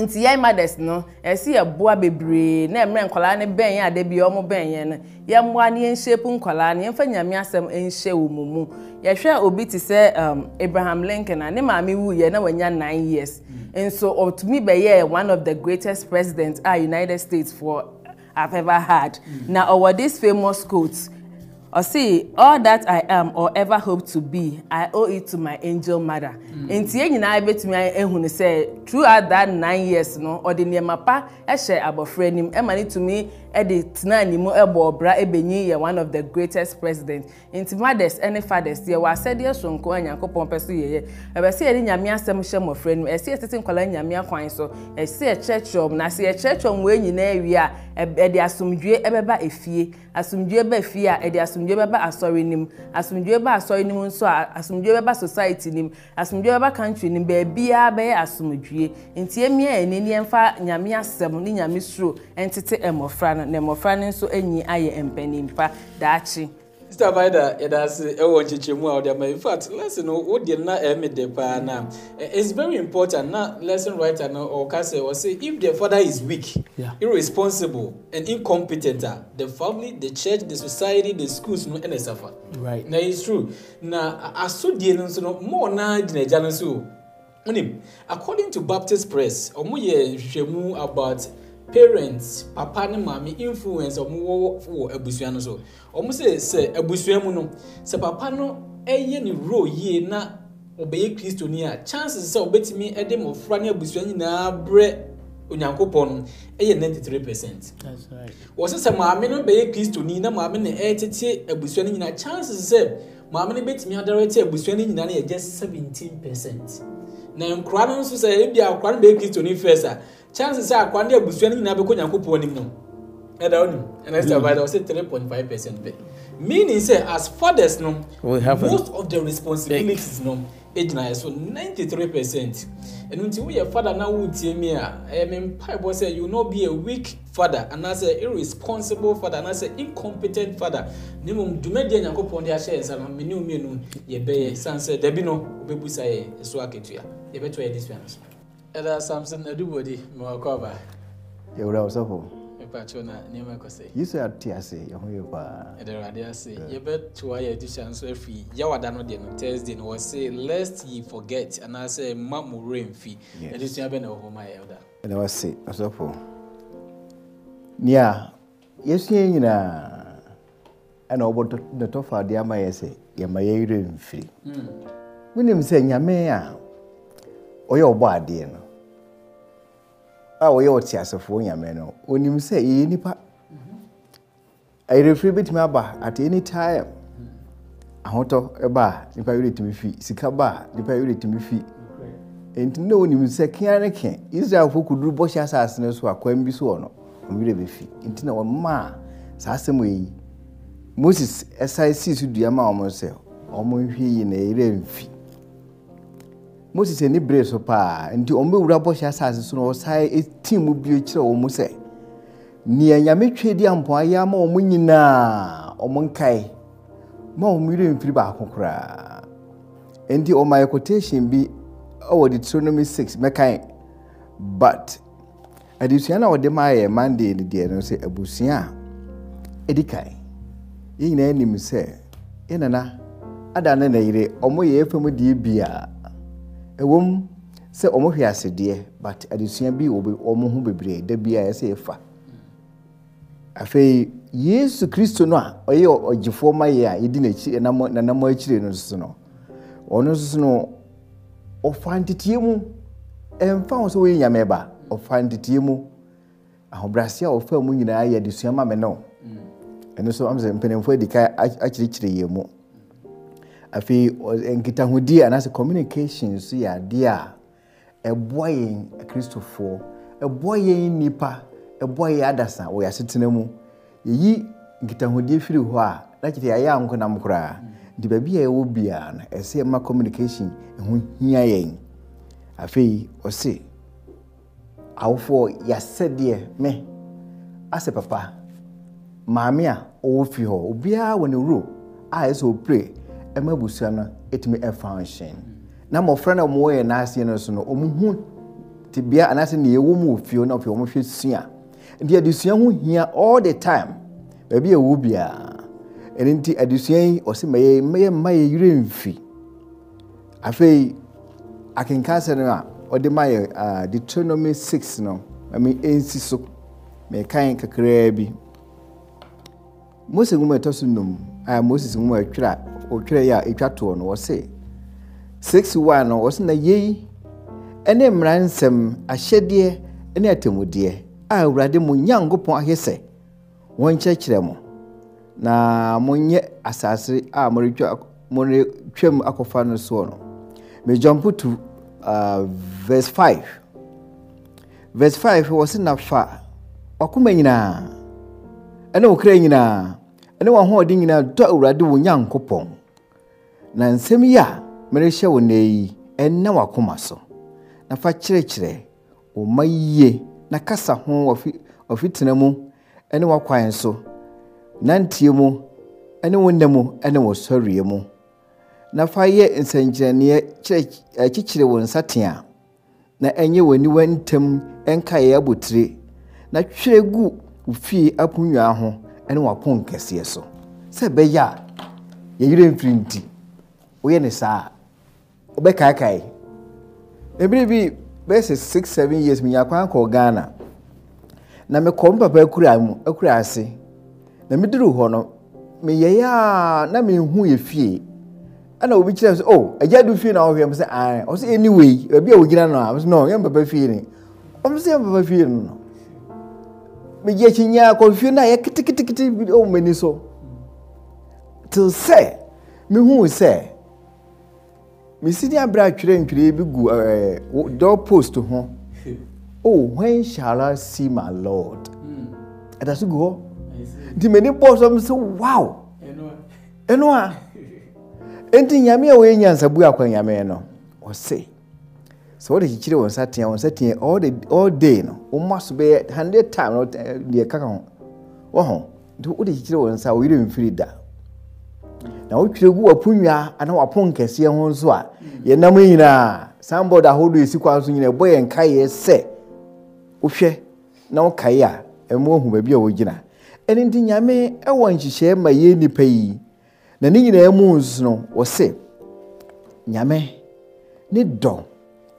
nti yɛn mothers no ɛsi yɛ boa bebree na mmerɛ nkwadaa ne bɛn yɛn ade bi a wɔn bɛn yɛn no yɛn mmoa ne yɛn shape nkwadaa ne yɛn fɛ nyame asɛm nhyɛ wɔn mu yɛhwɛ obi ti sɛ um, abraham lincoln a ne maame wu yɛ na wɔnya nine years mm. nso ɔtumi bɛyɛ one of the greatest presidents a united states for have ever had mm. na ɔwɔ this famous quote or see all that i am or ever hope to be i owe it to my angel mother hmm. nti yɛn nyinaa bɛtumi ehu no sɛ throughout that nine years no ɔde nneɛma pa ɛhyɛ abɔfra anim ɛma ne tumi ɛde tena ne mu ɛbɔ ɔbra ɛbɛnyi yɛ one of the greatest president nti mothers ɛne fathers yɛ wɔ asɛdeɛ sonko a nyankopɔn pɛ so yɛyɛ ɛbɛsɛ yɛde nyame asɛm hyɛ mmɔfra no ɛsɛ yɛtete nkwadaa nyame akwan so ɛsɛ yɛkyerɛkyerɛ ɔmo na sɛ yɛkyerɛkyerɛ ɔmo wɔn nyinaa wie a ɛde asomdwe ɛbɛba efie asomdwe bɛ fie a ɛde asomdwe bɛba asɔre nim asomdwe bɛba asɔre nim nso a asomdwe bɛba society nim asomdwe bɛba country nim beebiaa bɛyɛ asomdwe nti emia yɛn ni yɛnfa nyame asɛm ne nyame suro ɛntete mmɔfra no no na mmɔfra no nso anyi ayɛ mpanimpa daakye sista vaida yɛda ase ɛwɔ nkyekyɛmu a ɔde ama in fact lesson no wo deɛ na ɛmi de paa na eh, it's very important na lesson writer no ɔka sɛ ɔsɛ if the father is weak yeah. irresponsible and incompetent ah the family the church the society the schools no ɛna suffer right na it's true na asodie no nso no mo ɔnaa gyina gya no so o according to baptist press ɔmo yɛ nhwehwɛmu about parents papa ne maame influence a wɔwɔ wɔ abusua no so wɔn sɛ sɛ abusua mu no sɛ papa no ɛyɛ ne role yie na ɔbɛyɛ kristoni a chances sɛ ɔbɛtumi ɛde mmɔfra ne abusua nyinaa brɛ onyankopɔn ɛyɛ ninety three percent wɔsɛ sɛ maame no bɛyɛ kristoni na maame no ɛtete abusua no nyinaa chances sɛ maame no bɛtumi adarɛte abusua no nyinaa no yɛ just seventeen percent na nkora no nso sɛ ebi akora no bɛyɛ kristoni first a chances sɛ akwa ne abusua no nyinaa bɛkɔ nyankopɔn anim no ɛda wo nim ɛna sɛ ɔbaada ɔsɛ three point five percent pɛ meaning sɛ as fathers no most of the responsibilities no ɛgyina yɛ so ninety three percent ɛnu nti woyɛ father na wotie mi a ɛyɛ mi mpaebɔ sɛ you no be a weak father anaasɛ irresponsible father anaasɛ incompetent father ne mu dwumadie nyankopɔn de ahyɛ nsa no mene mmienu yɛbɛyɛ san sɛ dabi no wobɛbusa yɛ so akatua yɛbɛtoa yɛ de sua no so ɛda samson adubɔdi mewɔkɔ aba yɛwura ɔsɔfo mepakyɛw na nneɛma kɔ sɛ yesu ate ase yɛho yɛ paa ɛda awurade ase yɛbɛtoa yɛ adihya nso afiri yɛwada no deɛ no thursday no wɔse lest ye forget anaasɛ ma mowura mfi adesua bɛ na wɔ hɔ ma yɛwda ɛna wase ɔsɔfo nea yɛsua nyinaa ɛna wɔbɔ netɔfadeɛ ama yɛ sɛ yɛma yɛwerɛ mfiri wonim sɛ nyame a ɔyɛ ɔbɔ adeɛ no a wɔyɛ ɔte asefoɔ nyame no onim sɛ ɛyɛ nipa ayerɛfiri bɛtumi aba at any time ahotɔ ba a nipa werɛ tumi fi sika ba a nipa werɛ tumi fi nti na onim sɛ kea ne ke israelfoɔ kɔduru bɔhyɛ asase no so akwan bi so wɔ no ɔmwerɛ bɛfi nti na ɔmaa saa asɛm ɛyi moses ɛsae sii so dua ma ɔmo sɛ ɔmo nhwɛ yi na ɛyerɛ mfi moses ani bere so paa nti wɔn bɛwura bɔhyɛ asase so na e wɔsan ti mu bio kyerɛ wɔn sɛ nea nyame twe di ampɔn ayɛ ama wɔn nyinaa wɔn nkae ma wɔn werɛ mfiri baako koraa nti wɔn ayɛ quotation bi ɛwɔ deuteronomy six mɛkan but adesua no a wɔde ma ayɛ monday no deɛ no sɛ abusua a ɛdi kan yɛn nyinaa anim sɛ yɛn nana ada ne na yere wɔn yɛ efam deɛ bia ɛwɔ mu sɛ wɔn hwɛ asedeɛ but adesua bi wɔ wɔn ho bebree da bi a yɛsɛ yɛfa afei yesu kristo no a ɔyɛ ɔgyefoɔ ma yɛ a yɛdi n'akyi nanam akyire no nso no ɔno nso no ɔfa nteteɛ mu ɛmfa ho sɛ wɔyɛ nyame ba ɔfa nteteɛ mu ahobrɛaseɛ a ɔfa mu nyinaa yɛ adesua ma me no mm. ɛno nso amsɛ mpanimfoɔ adi ka akyerɛkyerɛ yɛn mu afei nkitahodi anaasɛ communication nso yɛ adeɛ a ɛboa yɛn akristofoɔ ɛboa yɛn nnipa ɛboa yɛn adasa wɔ yɛasetena mu yɛyi nkitahodie firi hɔ a na kyerɛ anko nam koraa nti baabi a yɛwɔ biara no ɛsɛ ma communication ɛho hia yɛn afei ɔse awofoɔ yɛasɛdeɛ me asɛ papa maame a ɔwɔ fie hɔ obiara wɔ ne wuro a ɛsɛ ɔpire ɛma abusua no ɛtumi ɛfunction na mmɔfra no a wɔyɛ n'aseɛ no so no wɔn ho tibia anaasɛ nea ɛwɔ mu ofio na ofio wɔn hwɛ sua nti adesua ho hia all the time baabi a ɛwɔ biara ɛno nti adesua yi ɔsi mɛyɛ mɛyɛ mma yɛ yire mfi afei akenka no a ɔde ma yɛ uh, deuteronomy six no ɛmi ɛnsi so mɛkan kakraa bi mose nwoma ɛtɔ so nnum a moses nwoma ɛtwerɛ a. ɔtwerɛeɛ a etwa toɔ no ɔse 61 no ɔse na yei ɛne mmara nsɛm ahyɛdeɛ ne atammudeɛ a awurade mo nyankopɔn ahye sɛ wɔnkyerɛkyerɛ mo na monyɛ asase a moretwam akɔfa no soɔ no mejɔmpo to vs 5 vs 5 wɔ se na fa wakoma nyinaa ɛne wo nyinaa ɛne wahoɔden nyinaa dɔ awurade wo nyankopɔn na nsɛm yi a merehyɛ wo nnɛ yi ɛnna w'akoma so na fa kyerɛkyerɛ wo ma yie na kasa ho ɔfitena mu ne w'akwan so nantie mu ne wo nna mu ne wo sɔreɛ mu na fa yɛ nsɛnkyerɛnneɛ akyikyire wo nsatea na ɛnyɛ w'aniwa ntam nkaeɛ abotire na twerɛ gu wo fie aponnwa ho ne w'apon kɛseɛ so sɛ ɛbɛyɛ a yɛyerɛ mfiri nti woyɛ ne saa wobɛkaekae ɛbere bi bɛyɛ sɛ six seven years mi kwan kɔɔ ghana na mekɔ me papa akura mu akura ase na meduru hɔ no meyɛyɛ a na menhu yɛ fie ɛna obi kyerɛ sɛ oh agya du fie na ɔhwɛ m sɛ ae ɔ sɛ anyway baabi a wɔgyina no a m no yɛ mpapa fie ni ɔm sɛ yɛ papa fie no no megye akyi nyaa kɔ fie no a yɛ keteketekete bi ɔmmani so till sɛ mehuu sɛ mesi ne abere atwerɛ ntwerɛ bi gu ɛɛ eh, door post ho hmm. oh when shall i see my lord ɛda hmm. eh, so gu hɔ nti mɛ ni bɔɔl sɔm sɛ wow ɛnu a nti nyame a wɔyɛ nyansabu akɔ nyame no ɔse sɛ wɔde kyekyere wɔn nsa teɛ wɔn nsa teɛ all the all day no wɔn mu aso bɛyɛ hundred times eh, deɛ kaka ho wɔn ho nti wɔde kyekyere wɔn nsa wɔyere mfiri da na wotwerɛ gu w'aponnwa anaa w'apono kɛseɛ ho nso a yɛnam nyinaa sanbɔd ahodoɔ esi kwan so nyinaa ɛbɔ yɛn nkaeɛ sɛ wohwɛ na wokae a ɛmo ahu baabi a wogyina ɛno nti nyame ɛwɔ nhyehyɛeɛ ma yɛn nnipa yi na ne nyinaa mu nso no wɔse nyame ne dɔ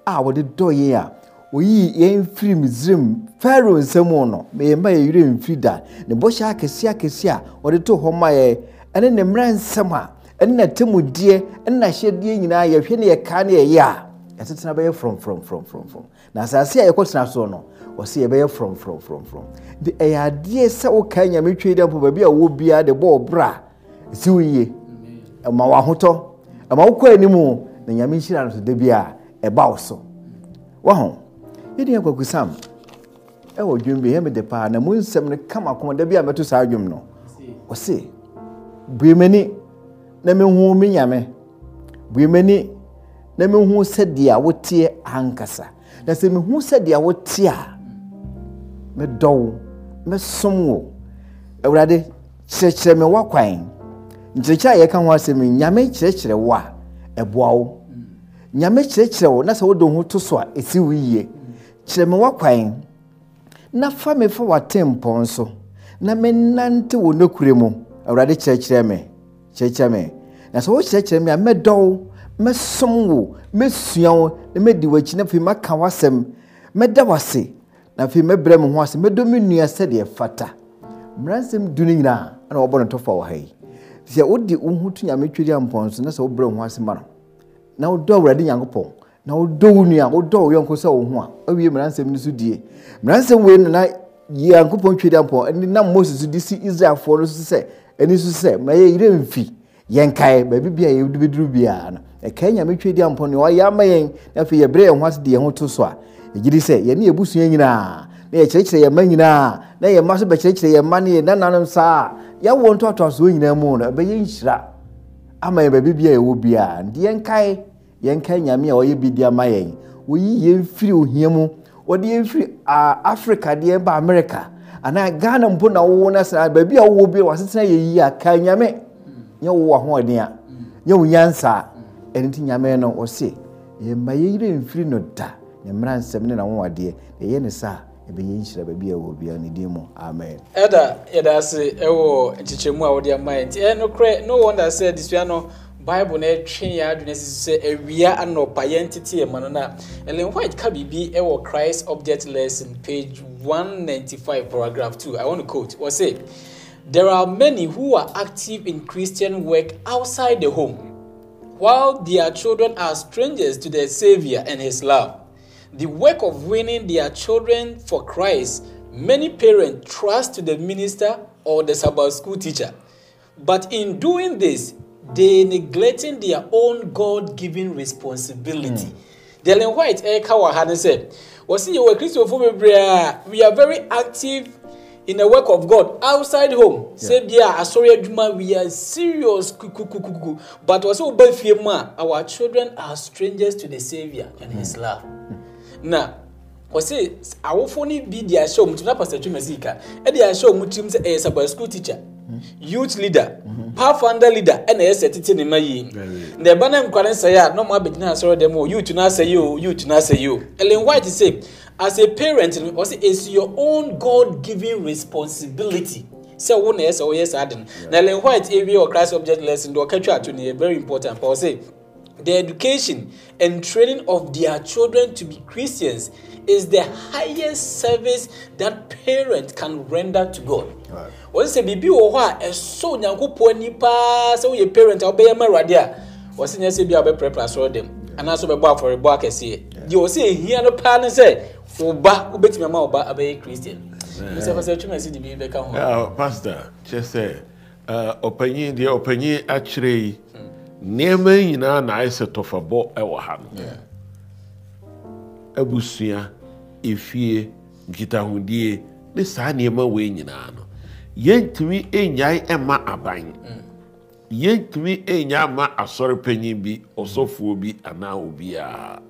a wɔde dɔ yɛn a oyii yɛn firi misrim pharaoh nsam no ma yɛma yɛwerɛ mfiri da ne bɔhyɛ akɛseɛ akɛseɛ a wɔde to hɔ ma yɛ ɛne ne mmerɛ nsɛm a ɛne n'atamudeɛ ɛne n'ahyɛdeɛ nyinaa yɛhwɛ ne yɛka ne yɛyɛ a yɛtetena bɛyɛ frɔmfrɔmfrɔmfrɔmfrɔm na asase a yɛkɔtena soɔ no wɔsɛ yɛbɛyɛ frɔmfrɔmfrɔmfrɔm de ɛyɛ adeɛ sɛ wokae nyame twei dɛ mpo baabi a wɔ biara de bɔɔ berɛ a ɛsi yie ɛma wo ahotɔ ɛma wokɔ anim na nyame nhyira no so da bi a ɛba wo so waho yɛdeɛ kwakusam ɛwɔ dwom bi hɛ mede paa na mu nsɛm no kama koma da bi mɛto saa dwom no ɔse bue m'ani na mehu me nyame bue m'ani na mehu sɛdeɛ woteɛ ankasa na sɛ mehu sɛdeɛ wote a medɔ wo mɛsom wo awurade kyerɛkyerɛ me wakwan nkyerɛkyerɛ a yɛka ho asɛm nyame kyerɛkyerɛ wo a ɛboa wo nyame kyerɛkyerɛ wo na sɛ wode ho to so a ɛsi wo yie kyerɛ me wakwan na fa me fa w'atempɔn so na menante wo nokure mu awurade kyerɛkyerɛ me kyerɛkyerɛ me na sɛ wokyerɛkyerɛ me a mɛdɔ wo mɛsom wo mɛsua wo na mɛdi w'akyi na afei maka w'asɛm mɛda w'ase na afei mɛbrɛ me ho ase mɛdɔ me nua sɛdeɛ fata mmaransɛm du no nyinaa ana wɔbɔ no tɔfa wɔ ha yi sɛ wode wo ho to nyame twɛdi ampɔnso na sɛ wobrɛ wo ho ase ma no na wodɔ awurade nyankopɔn na wodɔ wo nua wodɔ wo yɔnko sɛ wo ho a awie mmaransɛm no so die mmaransɛm wei no na nyankopɔn twɛdi ampɔn ɛne nam moses de si israelfoɔ no so sɛ ɛni nso sɛ mɛyɛ yire mfi yɛn kae baabi bi a yɛde bɛduru biara no ɛkae nyame twɛ di ampɔ ne ɔyɛ ama yɛn na afei yɛbrɛ yɛn ho ase de yɛn ho to so a ɛgyiri sɛ yɛne yɛbusua nyinaa na yɛkyerɛkyerɛ yɛn mma nyinaa na yɛn mma so bɛkyerɛkyerɛ yɛn mma ne yɛn nananom saa yɛwɔ ntoatoasoɔ nyinaa mu no ɛbɛyɛ nhyira ama yɛn baabi bi a yɛwɔ biara nti yɛn kae yɛn kae nyame a ɔyɛ bi di ama yɛn wɔyi yɛn firi ohia mu wɔde yɛn firi africa deɛ ba america anaa ghana mpo na wowɔ no asena baabi a wowɔ bia wasetena yɛyi a ka nyame nyɛ wowɔ ahoɔden a nyɛ wo nyansa a ɛno nti nyame no ɔse yɛmma yɛyerɛ mfiri no da ne mmara nsɛm ne nawowadeɛ na ɛyɛ ne saa ɛbɛyɛ nhyira baabi a ɛwɔ bia ne din mu amen ɛda yɛda ase ɛwɔ nkyekyɛmu a wode ama yɛ nti ɛnokorɛ no wonder sɛ desua no bible na ɛtwe yɛn adwene sisi sɛ awia anɔpa yɛn tete yɛn ma no na ellen white ka biribi ɛwɔ christ object lesson page 195, paragraph 2. I want to quote. What say? There are many who are active in Christian work outside the home, while their children are strangers to their Savior and His love. The work of winning their children for Christ, many parents trust to the minister or the Sabbath school teacher. But in doing this, they neglecting their own God-given responsibility. Mm. Dylan White, Eka Wahane said, wɔsi yɛ wɔ kristofoɔ bebree a we are very active in the work of God outside home sɛ bia asɔre adwuma we are serious kukukukuku but wɔsi wɔba fie mu a our children are strangers to the saviour and his hmm. love na wɔsi awofoɔ ni bi di ahyɛ wɔn tirim na pastor twemasi ka ɛdi ahyɛ wɔn tirim sɛ ɛyɛ sɛ bɔ school teacher youth leader pathfinder leader ɛna ɛyɛ sɛ tete ne ma yie na ɛba na nkwari nsɛyɛ a nɔɔma abɛgyina asɔrɔ dɛm o youth na asɛyɛ o youth na asɛyɛ o ellen white say as a parent no ɔsɛ it's your own god-given responsibility sɛ wo na ɛyɛ sɛ ɔyɛ saa de no na ellen white ewie ɔ Christ object lesson de ɔkɛtwa ato ne yɛ very important pa say the education and training of their children to be christians is the highest service that parent can render to God. wɔn sɛ biribi wɔ hɔ a ɛsɔ onyankopɔn ni paa sɛ woyɛ parent a wobɛyɛ ma awurade a wɔsi nyɛ sɛ bi a wɔbɛpirapira sɔrɔ dɛm anaasɛ wɔbɛbɔ afɔrebɔ akɛseɛ deɛ wɔsi ehia no paa no sɛ ɔba wobɛtumi ama ɔba abɛyɛ christian mr pastor twema si de bi bɛka ho. Oh, pastor kyɛ sɛ uh, ɔpanyin deɛ ɔpanyin akyerɛ yi hmm. nneɛma nyinaa na ayɛ sɛ tɔfabɔ ɛwɔ ha no abusua efie nkitahodie ne saa nneɛma wei nyinaa no yɛntumi nnyae ɛma aban yɛntumi nnyae ma asɔre panyin bi ɔsɔfoɔ bi anaa obiara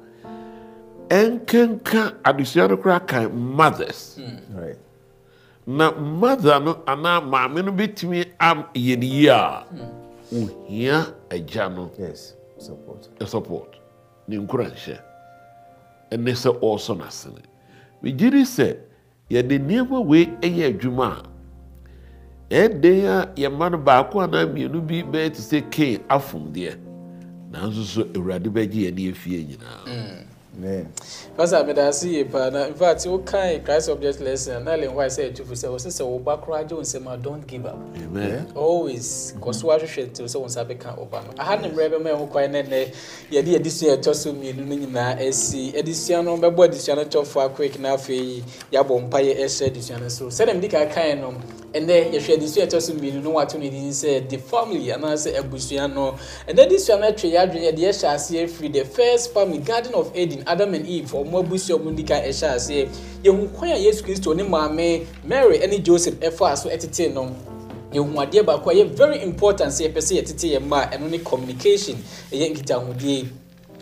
ɛnkenka adesua no koraa kan mothers na mother no anaa maame no bɛtumi ayɛ ne yie a ohia agya no support ne nkora nhyɛ ɛne sɛ ɔresɔ n'asene megye di sɛ yɛde nneɛma wei yɛ adwuma a ɛden a yɛma no baako anaa mmienu bi bɛyɛ te sɛ kain afom deɛ nanso so awurade bɛgye yɛn ne yɛfie nyinaa. Mm pastor ameda ase yie uh, paa na in fact wo kan christ object lesson na len white sɛ ɛtufu sɛ wɔsɛ sɛ wɔba koraa gye wo nsɛm a don't give up Amen. always mm-hmm. kɔ so ahwehwɛ nti sɛ wo nsa bɛka ɔba no aha ne mmerɛ bɛma ɛho kwan ne nnɛ yɛde yɛdesua ɛtɔ so mmienu no nyinaa asi adesua no bɛbɔ adesua no tɔfoa quick na afei yɛabɔ mpayɛ ɛhyɛ adesua no so sɛdeɛ mede kaa kan no ɛnɛ yɛhwɛ de sua ɛtɔ so mmienu no wato ne din sɛ the family anaasɛ abusua no ɛnɛ de sua no atwe yɛ adwene yɛde yɛhyɛ aseɛ firi the first family garden of eden adam and eve ɔmo abusua ɔmo nika ɛhyɛ aseɛ yɛhu kwan a yesu kristo ne maame mary ɛne joseph ɛfaa so ɛtete no yɛhu adeɛ baako a ɛyɛ very important sɛ yɛpɛ sɛ yɛtete yɛn mma ɛno ne communication ɛyɛ nkitahodie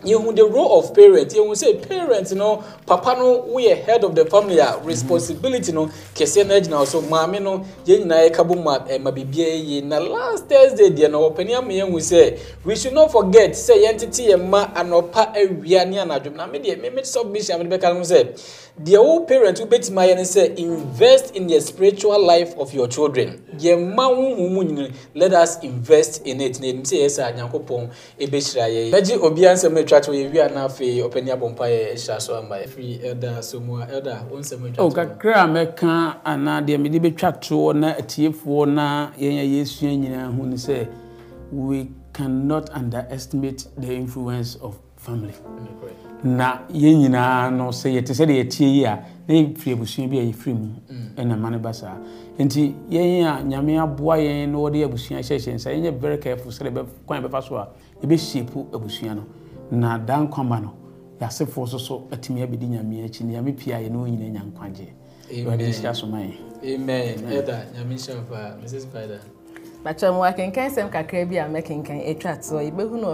yɛhu the role of parent yɛhu sɛ parent no papa no we woyɛ head of the family a responsibility no kɛseɛ no agyina so maame no yɛn nyinaa yɛka bɔ ma ɛma biribiara yie na last thursday deɛ no ɔpanin ama yɛhu sɛ we should not forget Say yɛn tete yɛn mma anɔpa awia ne anadwo na me deɛ me me submission a mede bɛka no sɛ deɛ wo parent wobɛtumi ayɛ ne sɛ invest in the spiritual life of your children yɛmma wohu mu nyini let us invest in it na ɛnim sɛ yɛ sɛ nyankopɔn ɛbɛhyira yɛ bɛgye obiaa nsɛm atwa kyɛ yɛwie ana afei ɔpani abɔmpa yɛ ɛhyira so ama ɛfiri ɛda somu a ɛda wo nsɛm atwa kakra a mɛka anaa deɛ mede bɛtwa toɔ na atiefoɔ na yɛnyɛ yɛsua nyinaa ho ne sɛ we cannot underestimate the influence of family. Mm -hmm. na yɛn nyinaa no sɛ yɛte yɛtie yi a na yɛfiri abusua bi a yɛfiri mu mm. ɛnama no ba nti yɛn a nyame aboa yɛn na wɔde abusua hyɛhyɛ nsa yɛnyɛ very careful kwan bɛfa so a yɛbɛhyiepo na daa nkwama no yɛasefoɔ so so atumi abɛdi nyame akyi ne nyame pii a yɛne wɔn nya nkwagyeɛ awurade nhyira so ma yɛn amen mu kakra bi a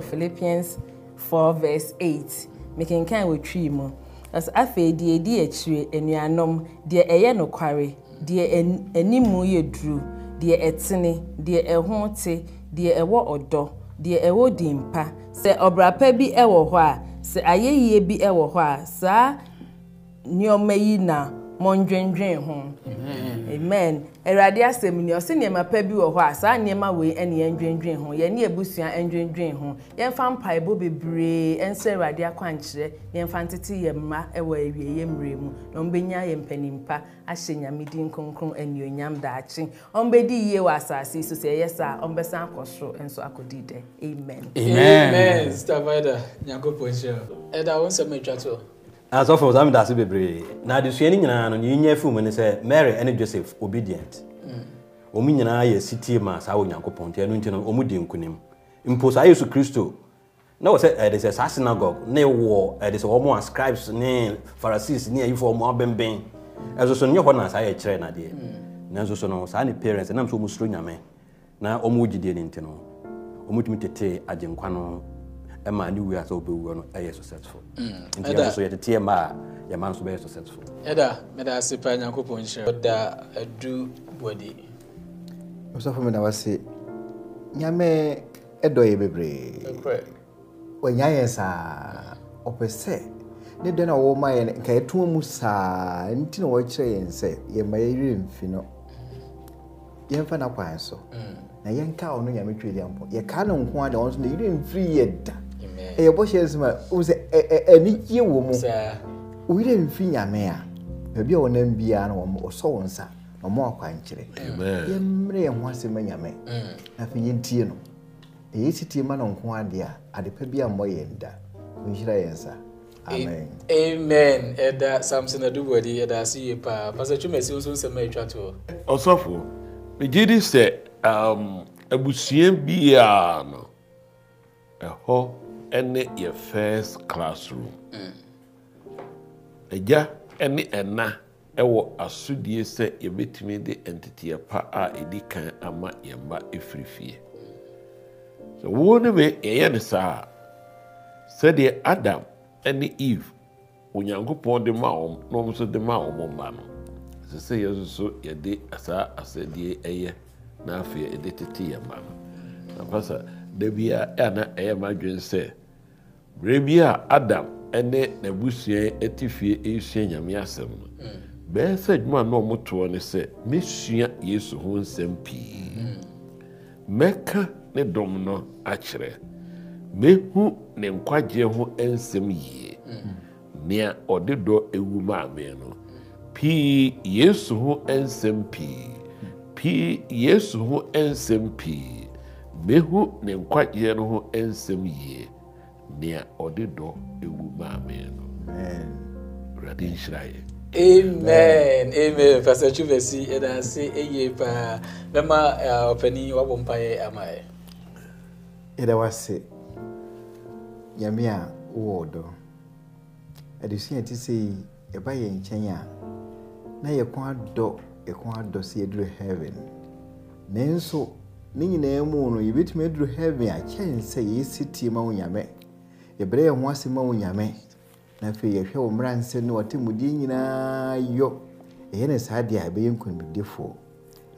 philippians verse mekenkan wɔtwii mu ɛsɛ afei deɛ ɛdi akyire anuanom deɛ ɛyɛ nokware deɛ animu yɛ duru deɛ ɛtene deɛ ɛho te deɛ ɛwɔ ɔdɔ deɛ ɛwɔ dimpa sɛ ɔbrapa bi ɛwɔ hɔ a sɛ ayɛyie bi ɛwɔ hɔ a saa nneɛma yi na mɔndwendwen ho. Mm -hmm amen awurade asɛm ni ɔsi nneɛma pɛ bi wɔ hɔ a saa nneɛma wei ɛna yɛn dwendwen ho yɛn ne ebusua ndwendwen ho yɛn fa mpaebɔ bebree ɛnsa awurade akwankyerɛ yɛn fa ntete yɛn mma ɛwɔ awie yɛn mmerɛ mu na wɔn bɛnya yɛn mpanimpa ahyɛ nyame din kronkron anuonyam daakye wɔn bɛdi yie wɔ asaase so sɛ ɛyɛ saa wɔn bɛsan akɔ soro nso akɔdi dɛ amen. amen amen sita vaida nyankopɔn hyɛ ɛda wɔn nsɛm atwa to. asɔfo saa daase bebree na adesua nyinaa no ne nye fi mu ne sɛ mary ne joseph obedient mm. wɔn nyinaa yɛ sitie ma saa onyankopɔn nti ɛno nti no wɔn di nkunim mpo saa yesu kristo na wɔ sɛ ɛde saa synagogue ne wɔ ɛde sɛ wɔn a scribes ne pharisees ne wɔn abɛnbɛn na saa yɛ kyerɛ nadeɛ mm. saa ne parents ɛnam so wɔn soro nyame na wɔn ɛma ne wura sɛ wobɛwura no ɛyɛ successful nti yɛn nso yɛtete ma, a yɛma nso bɛyɛ successful ɛda meda ase paa nyankopɔn nhyerɛ da adu bɔde ɔsɔfo meda wase nyame ɛdɔ yɛ bebree ɔnya yɛ saa ɔpɛ sɛ ne dɛn a wɔma yɛ nka yɛtoma mu saa nti na wɔkyerɛ yɛn sɛ yɛma yɛwerɛ mfi no yɛmfa no kwan so na yɛnka ɔno nyame twɛdi ampɔ yɛkaa no nko a deɛ ɔno so na yɛwerɛ mfiri yɛ da ɛyɛ bɔhyɛ nsɛm a ohun sɛ ɛ ɛni yie wɔ mu owurɛ nfi nyame a baabi a wɔnam biara no wɔn ɔsɔ wɔn nsa wɔn akwankyerɛ yɛmmerɛ yɛn ho asɛm nyame mm. na afei yɛntie no ɛyɛ titie ma no nko adeɛ a adepa bi a mmɔ yɛn da nhyira yɛn nsa amen amen ɛda samson adubɔdi ɛda ase yie paa pastor twumasi nso nsɛm a ɛtwa toɔ ɔsɔfo megye di sɛ um, abusua bi a no ɛhɔ ne yɛ first classroom agya ne ɛna wɔ asodie sɛ yɛbɛtumi de nteteɛ pa a ɛdi kan ama yɛn mma ɛfiri fie sɛ wo ne me yɛyɛ no saa sɛdeɛ adam ne eve onyankopɔn de ma wɔn na wɔn nso de ma wɔn mma no ɛsɛ sɛ yɛn nso yɛde saa asɛdeɛ ɛyɛ na afei yɛde tete yɛn mma no na pasa da bi a ɛna ɛyɛ m'adwene sɛ bere bi a adam ɛne n'abusua ɛte fie ɛresua nyame asɛm no mm. bɛyɛ sɛ adwuma na ɔmo ne sɛ mesua yesu ho nsɛm pii mm. mɛka ne dɔm no akyerɛ mehu ne nkwagyeɛ ho nsɛm yie mm. nea ɔde dɔ ewu maame no pii yesu ho nsɛm pii pii yesu ho nsɛm pii mehu ne nkwagyeɛ no ho nsɛm yie nea ɔde dɔ ewu maame no awurade nhyira yɛ amen amen pastor chubesi ɛda ase ɛyie paa bɛma ɔpanin wabɔ mpaeɛ ama yɛ yɛda wase nyame a wowɔ ɔdɔ adesua ti sɛ ɛba yɛ nkyɛn a na yɛko adɔ yɛko adɔ sɛ yɛduru heaven nanso ne nyinaa mu no yɛbɛtumi aduru heaven akyɛn sɛ yɛsi tie ma wo nyame yɛbrɛ yɛn ho ase ma wo nyame na afei yɛhwɛ wɔ mmeransɛm ne wɔtemmudeɛ nyinaa yɔ ɛyɛ ne saa deɛ a ɛbɛyɛ nkonimdifoɔ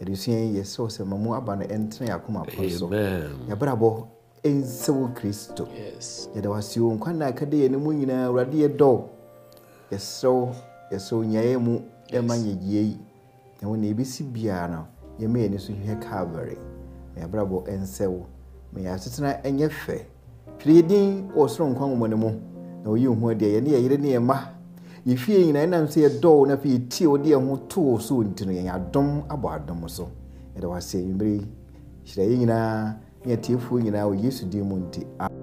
adesua yi yɛsɛ wo sɛ ma mu aba no ɛntena yɛ akoma po so yɛbrabɔ ɛnsɛ kristo yɛda wase o nkwa na akade da yɛne mu nyinaa awurade yɛdɔ yɛsrɛ wo yɛsɛ wo nyaeɛ mu ɛma yɛgyie yi na wo na ɛbɛsi biara no yɛma yɛni so hwɛ calvary yɛabrabɔ nsɛwo ma yɛasetena ɛnyɛ fɛ twerɛ din wɔ soro nkwa nwoma no mu na ɔyi wo ho adeɛ yɛne yɛyere ne yɛma yɛfie nyinaa ɛnam sɛ yɛdɔɔ no afei yɛtie wode yɛ ho too so nti no yɛnyɛ adom abɔ adom so yɛde wase anwummere hyira yɛ nyinaa ne atiefoɔ nyinaa wɔ yesu din mu nti a